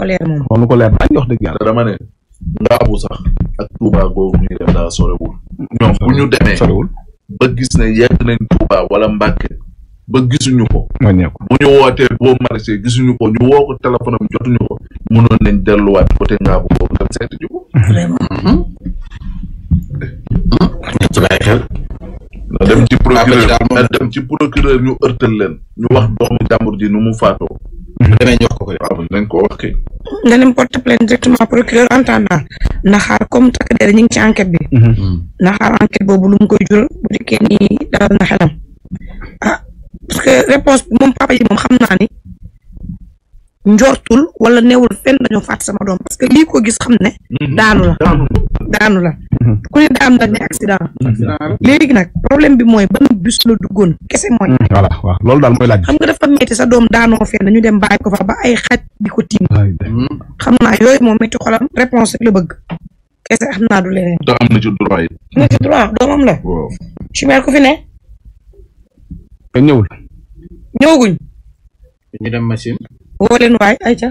[SPEAKER 5] ko leer moom. dëgg yàlla. dama ne. Ngaabu sax ak Touba googu ñuy bu ñu demee ba gis na yegg nañ Touba wala Mbacke ba gisuñu ko. bu ñu wootee boo marché gisuñu ko ñu woo ko téléphone am jotuñu ko mënoon nañ delluwaat côté Ngabou boobu nga seet ju ko. na dem ci procureur na dem ci procureur ñu ërtal leen ñu wax doomu jàmbur ji nu mu faatoo. Mhm. danañ wax ko ko yow amul nañ ko wax kay.
[SPEAKER 1] nga dem porte directement procureur entendant na xaar comme takk der ñu ngi ci enquête bi. Mhm. Mhm. na xaar enquête boobu lu koy jural bu dikkee nii dalal na xelam ah parce que réponse bi papa ji moom xam naa ni njortul wala neewul fenn dañoo faat sama doom parce que li ko gis xam ne. daanu la daanu la. ku ne daanu accident. léegi nag problème bi mooy ban bus la duggoon kese mooy. Hmm, voilà waaw
[SPEAKER 2] loolu daal mooy laaj. xam
[SPEAKER 1] nga dafa metti sa doom daanoo a ñu dem bàyyi ko fa ba ay xaj di ko tiim. Hmm. xam naa yooyu moom metti xolam réponse rek la bëgg. kese xam naa du leneen. te am na ci droit doomam la.
[SPEAKER 5] waaw ku fi ne. ñëwul.
[SPEAKER 1] ñëwaguñ. ñu dem machine. woo waay ayca.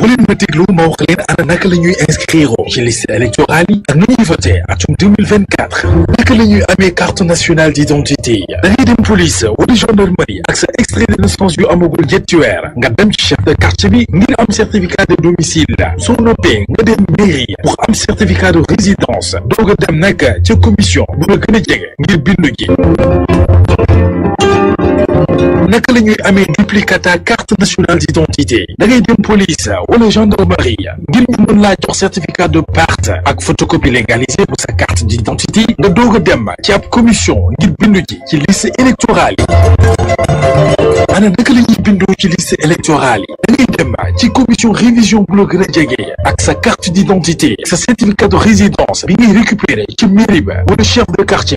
[SPEAKER 4] bu leen ma déglu ma wax leen ana naka la ñuy inscrire ci liste électorale yi nu ñuy voté atum 2024 naka la ñuy amee carte nationale d'identité yi dem police wala gendarmerie ak sa extrait de naissance yu amagul ñetti weer nga dem ci chef de quartier bi ngir am certificat de domicile soo noppee nga dem mairie pour am certificat de résidence doog a dem nag ca commission bu la gën a jege ngir bindu ji naka la ñuy amee duplicata carte nationale d'identité da ngay dem police wala gendarmerie ngir ñu mën laa jox certificat de perte ak photocopie légalisée bu sa carte d'identité nga doog dem ci ab commission ngir bindu ci liste électorale yi ana naka la ñuy bindu ci liste électorale yi da ngay dem ci commission révision bu la ak sa carte d'identité sa certificat de résidence bi ngay récupérer ci mairie ba wala chef de quartier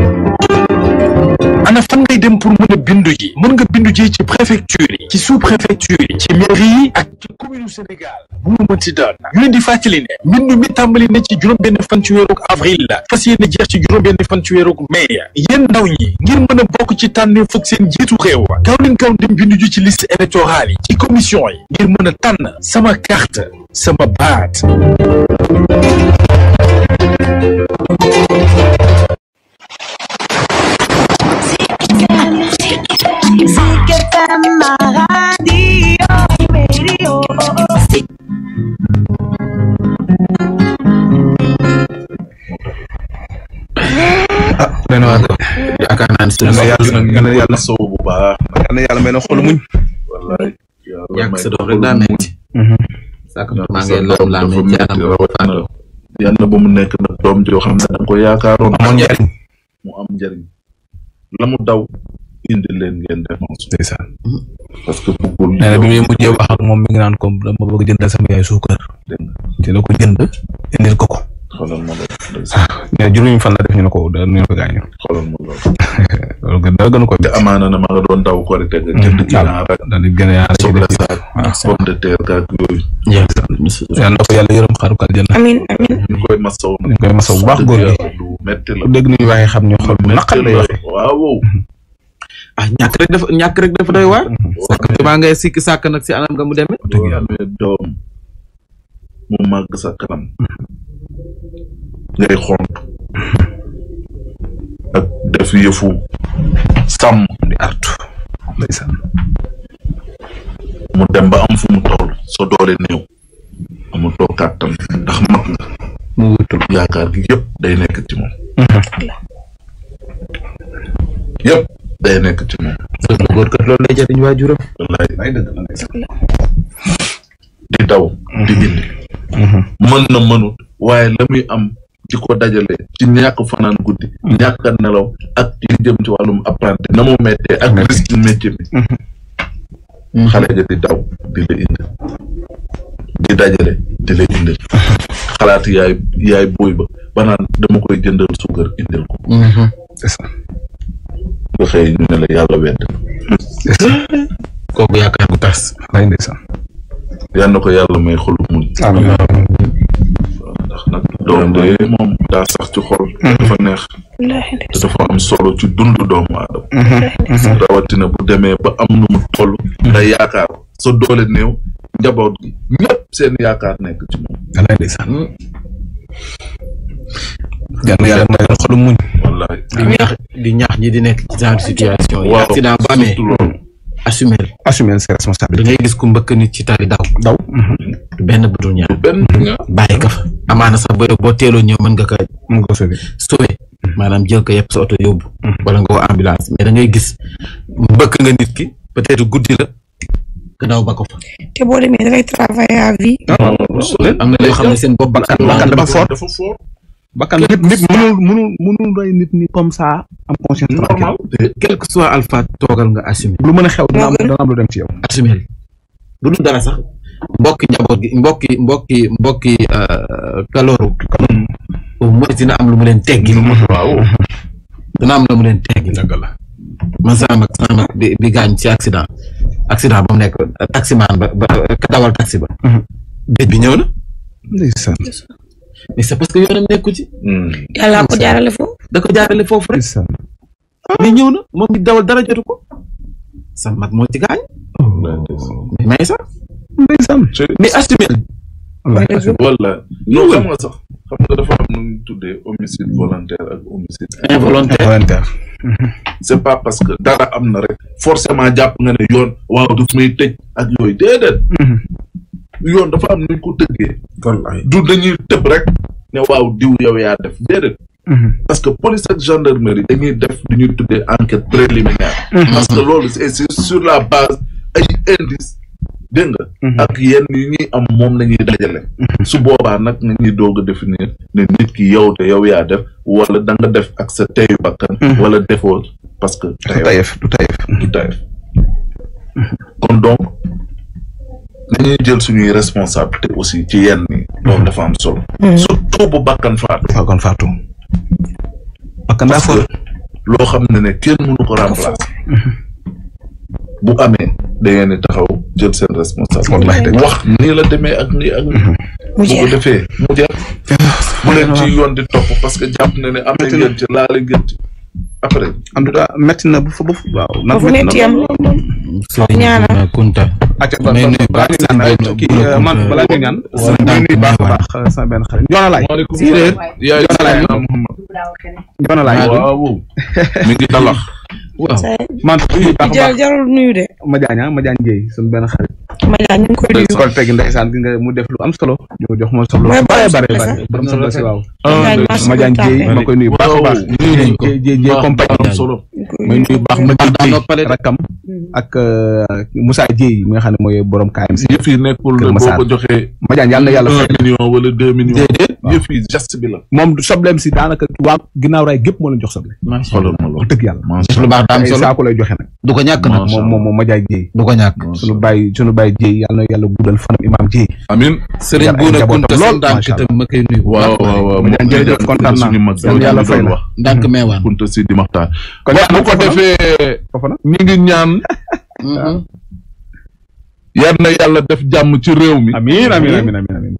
[SPEAKER 4] ana fan ngay dem pour mën a bindu ji mën nga bindu ji ci préfecture yi ci sous préfecture yi ci mairie yi ak ci commune Sénégal bu mu mën si doon ñu leen di fàttali ne mbindu mi tàmbali na ci juróom benn fan ci weeruk avril la fas yéene jeex ci juróom benn fan ci weeruk mai yéen ndaw ñi ngir mën a bokk ci tànne fukk seen jiitu réew gaaw leen gaaw dem bindu ji ci liste électorale yi ci commission yi ngir mën a tànn sama carte sama baat
[SPEAKER 5] benn waat yaakaar naa ne a yàlla na yàlla sow bu baax na yàlla may na xol muñ wallaay yàq sa dox rek daa metti maa ngi laam laame jaanam yàlla bu mu nekk nag doom joo xam ne da nga a yaakaaroon amoon njëriñ mu am la mu daw indi leen ngeen défense ndeysaan parce que bëggul nee na bi muy mujjee wax ak moom mi ngi naan comme dama bëgg jënd sama yaay suukar ko jënd indil ko xoolal ma loolu. mais juróomi fan la ñu ne ko da ñu ko gaañu. xoolal ko. amaana na ma nga doon daw mm-hmm. ko rek. jënd ginaar ak soble saak ah. pomme de terre ak yooyu. yal ko yàlla bu baax góor gi. métti la dégg nañu xam ne xol bu lay waxee. waaw. Mm-hmm. ah ñàkk rek dafa ñàkk rek dafa doy waar. Mm-hmm. sàkk maa sàkk nag si anam nga mu demee. dëgg yàlla doom mu màgg sa ngay xont ak def yëfu sàmm di artu ndeysaan mu dem ba am fu mu toll sa doole néew amutoo kàttan ndax mag nga mu wutul yaakaar gi yëpp day nekk ci
[SPEAKER 2] mm-hmm.
[SPEAKER 5] yëpp day nekk ci moom
[SPEAKER 2] góor kat loolu lay jariñ waajuram
[SPEAKER 5] wallaay dëgg di daw di mm-hmm. indi mm-hmm. mën na mënut waaye la muy am di ko dajale ci ñàkk fanaan guddi ñàkk a nelaw ak li jëm ci wàllum apprenti na mu ak risque métier bi mm-hmm. Mm-hmm. xale mm-hmm. yaay yaay buy ba jëndal suukar indil ko nga xëy ñu ne la yàlla wedd kooku yaakaar bu tas lay ko yàlla may xolu doom de moom daa sax ci xol mhm. dafa neex dafa am solo ci dundu doomu aadama mhm. Mhm. rawatina bu demee ba am nu mu toll nga yaakaar sa doole njaboot ñëpp seen yaakaar nekk ci moom
[SPEAKER 4] alaay ndeysaan hmm? xolu muñ
[SPEAKER 5] wallaay di ñaax di ñaax ñi di nekk ci genre situation yi accident ba amee assumel assumel ses responsabilités. da gis ku mbëkk nit ci tali daw. daw. benn budul ñaar. benn bàyyi ka fa. amaana sax booy boo teeloo ñëw mën nga ko. mën nga ko sauver sauver. maanaam jël ko yëpp sa oto yóbbu. Mm-hmm. wala nga woo ambulance mais da ngay gis mbëkk nga nit ki peut-être guddi la. te ba ko fa.
[SPEAKER 1] te boo demee da ngay travailler à vie.
[SPEAKER 5] Ah, am na loo xam seen bopp bakkan dafa fort dafa fort. bakkan nit nit mënul mënul mënul rey nit ni comme ça am conscience normal quel que soit alpha toogal nga assumer lu mën
[SPEAKER 2] a xew dana am dana am lu dem ci yow assumer lu dul dara sax mbokki njaboot gi mbokki mbokki mbokki kalooru euh, au moins dina am lu mu leen teggi waaw am lu mu leen teggi dëgg la man sama mag sama
[SPEAKER 5] mag bi bi gaañ ci accident accident ba mu nekk taximaan ba ba ka dawal ba mhm. bi ñëw na mais c'est parce que yoonam nekku ci. Hmm.
[SPEAKER 2] yàlla ko jaarale foofu. da ko rek. mais ñëw na moom ngi dawal dara jotu ko. sa mag moo ci gaañ. mais sax. mais
[SPEAKER 5] assumer. wala non xam nga sax xam nga dafa am nu ñu tuddee homicide volontaire ak homicide involontaire mm-hmm. c'est pas parce que dara am na rek forcément jàpp nga ne yoon waaw daf may tëj ak yooyu déedéet mm-hmm. yoon dafa am nuñ ko tëggee. du dañuy tëb rek ne waaw diw yow yaa def déedéet. Mhm. parce que police ak gendarmerie dañuy def lu ñuy tuddee enquête préliminaire. Mhm. parce que loolu c'est sur la base ay indices dégg nga. Mhm. ak yenn yi ñuy am moom la ñuy dajale. su boobaa nag nga ñuy doog a définir ne nit ki yow te yow yaa def wala da nga def ak sa teyu bakkan. wala defoo parce que. du tayef du tayef du tayef kon donc. dañuy jël suñuy responsabilité aussi ci yenn yi loolu dafa am solo
[SPEAKER 3] ba mm.
[SPEAKER 5] bu bakkan faatu bakkan faatu bakkan daa fort loo xam ne ne kenn mënu ko remplacer bu amee da ngeen di taxaw jël seen responsabilité wax nii la demee ak nii ak nii mm-hmm. bu defee mu bu leen ci yoon di topp parce que jàpp na ne am ci laale ngeen après en tout cas na bu fa bu waaw. na bu métti am ñaanal euh, man a ñuy ñaan. nuyu baax a baax sama benn xarit. Njoona Laay. séeréer Njoona Laay. mi ngi dalax. waaw man nuyu baax a nuyu de. ma jaaña ma jaañ Jéy ben benn xarit. may laa ñu ngi koy mu def lu am solo. ñu jox ma solo lu bare bare ma jaan jéey ma koy nuyu baax a baax. jéey jéey compagnie solo. may nuyu baax ma jéey ak Moussa Jéey mi nga xam ne mooy borom KMC. yëf yi nekkul ne boo ko ma jaan yàlla na yàlla fay. un million wala deux millions. déedéet yëf daanaka waa ginnaaw raay gépp moo leen jox soble. macha allah wax dëgg yàlla. macha allah lu baax daa am solo ay joxe nag. du ko ñàkk nag moom moom ma jaan sunu bàyyi Abdoulaye Dieye yal na yàlla guddal fanam Imaam Dieye. amiin Serigne Bouna Kounta lool macha allah ma koy nuyu. waaw waaw waaw moom jërëjëf kontaan naa yal yàlla fay na ndànk meewaan Kounta Sidi Maxtaar. kon bu ko defee ñu ngi ñaan. Mm-hmm. yal na yàlla def jàmm ci réew mi. amiin amiin amiin amiin.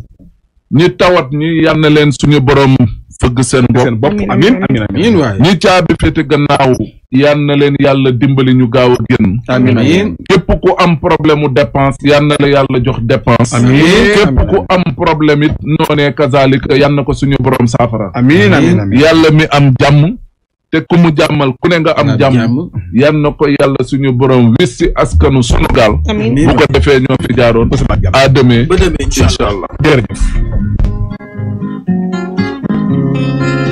[SPEAKER 5] ñi tawat ñi yal leen suñu borom. fëgg seen bopp amin amin amin waay ñi caabi féete gannaaw yan na leen yàlla dimbali ñu gaaw a génn amin képp ku am problème mu dépense yan na la yàlla jox dépense amin képp ku am problème it noonee kazalika yan na ko suñu borom saafara amin amin yàlla mi am jàmm te ku mu jàmmal ku ne nga am jàmm yan na ko yàlla suñu borom wissi askanu sunu gaal bu ko defee ñoo fi jaaroon à demain ba
[SPEAKER 3] allah Thank you.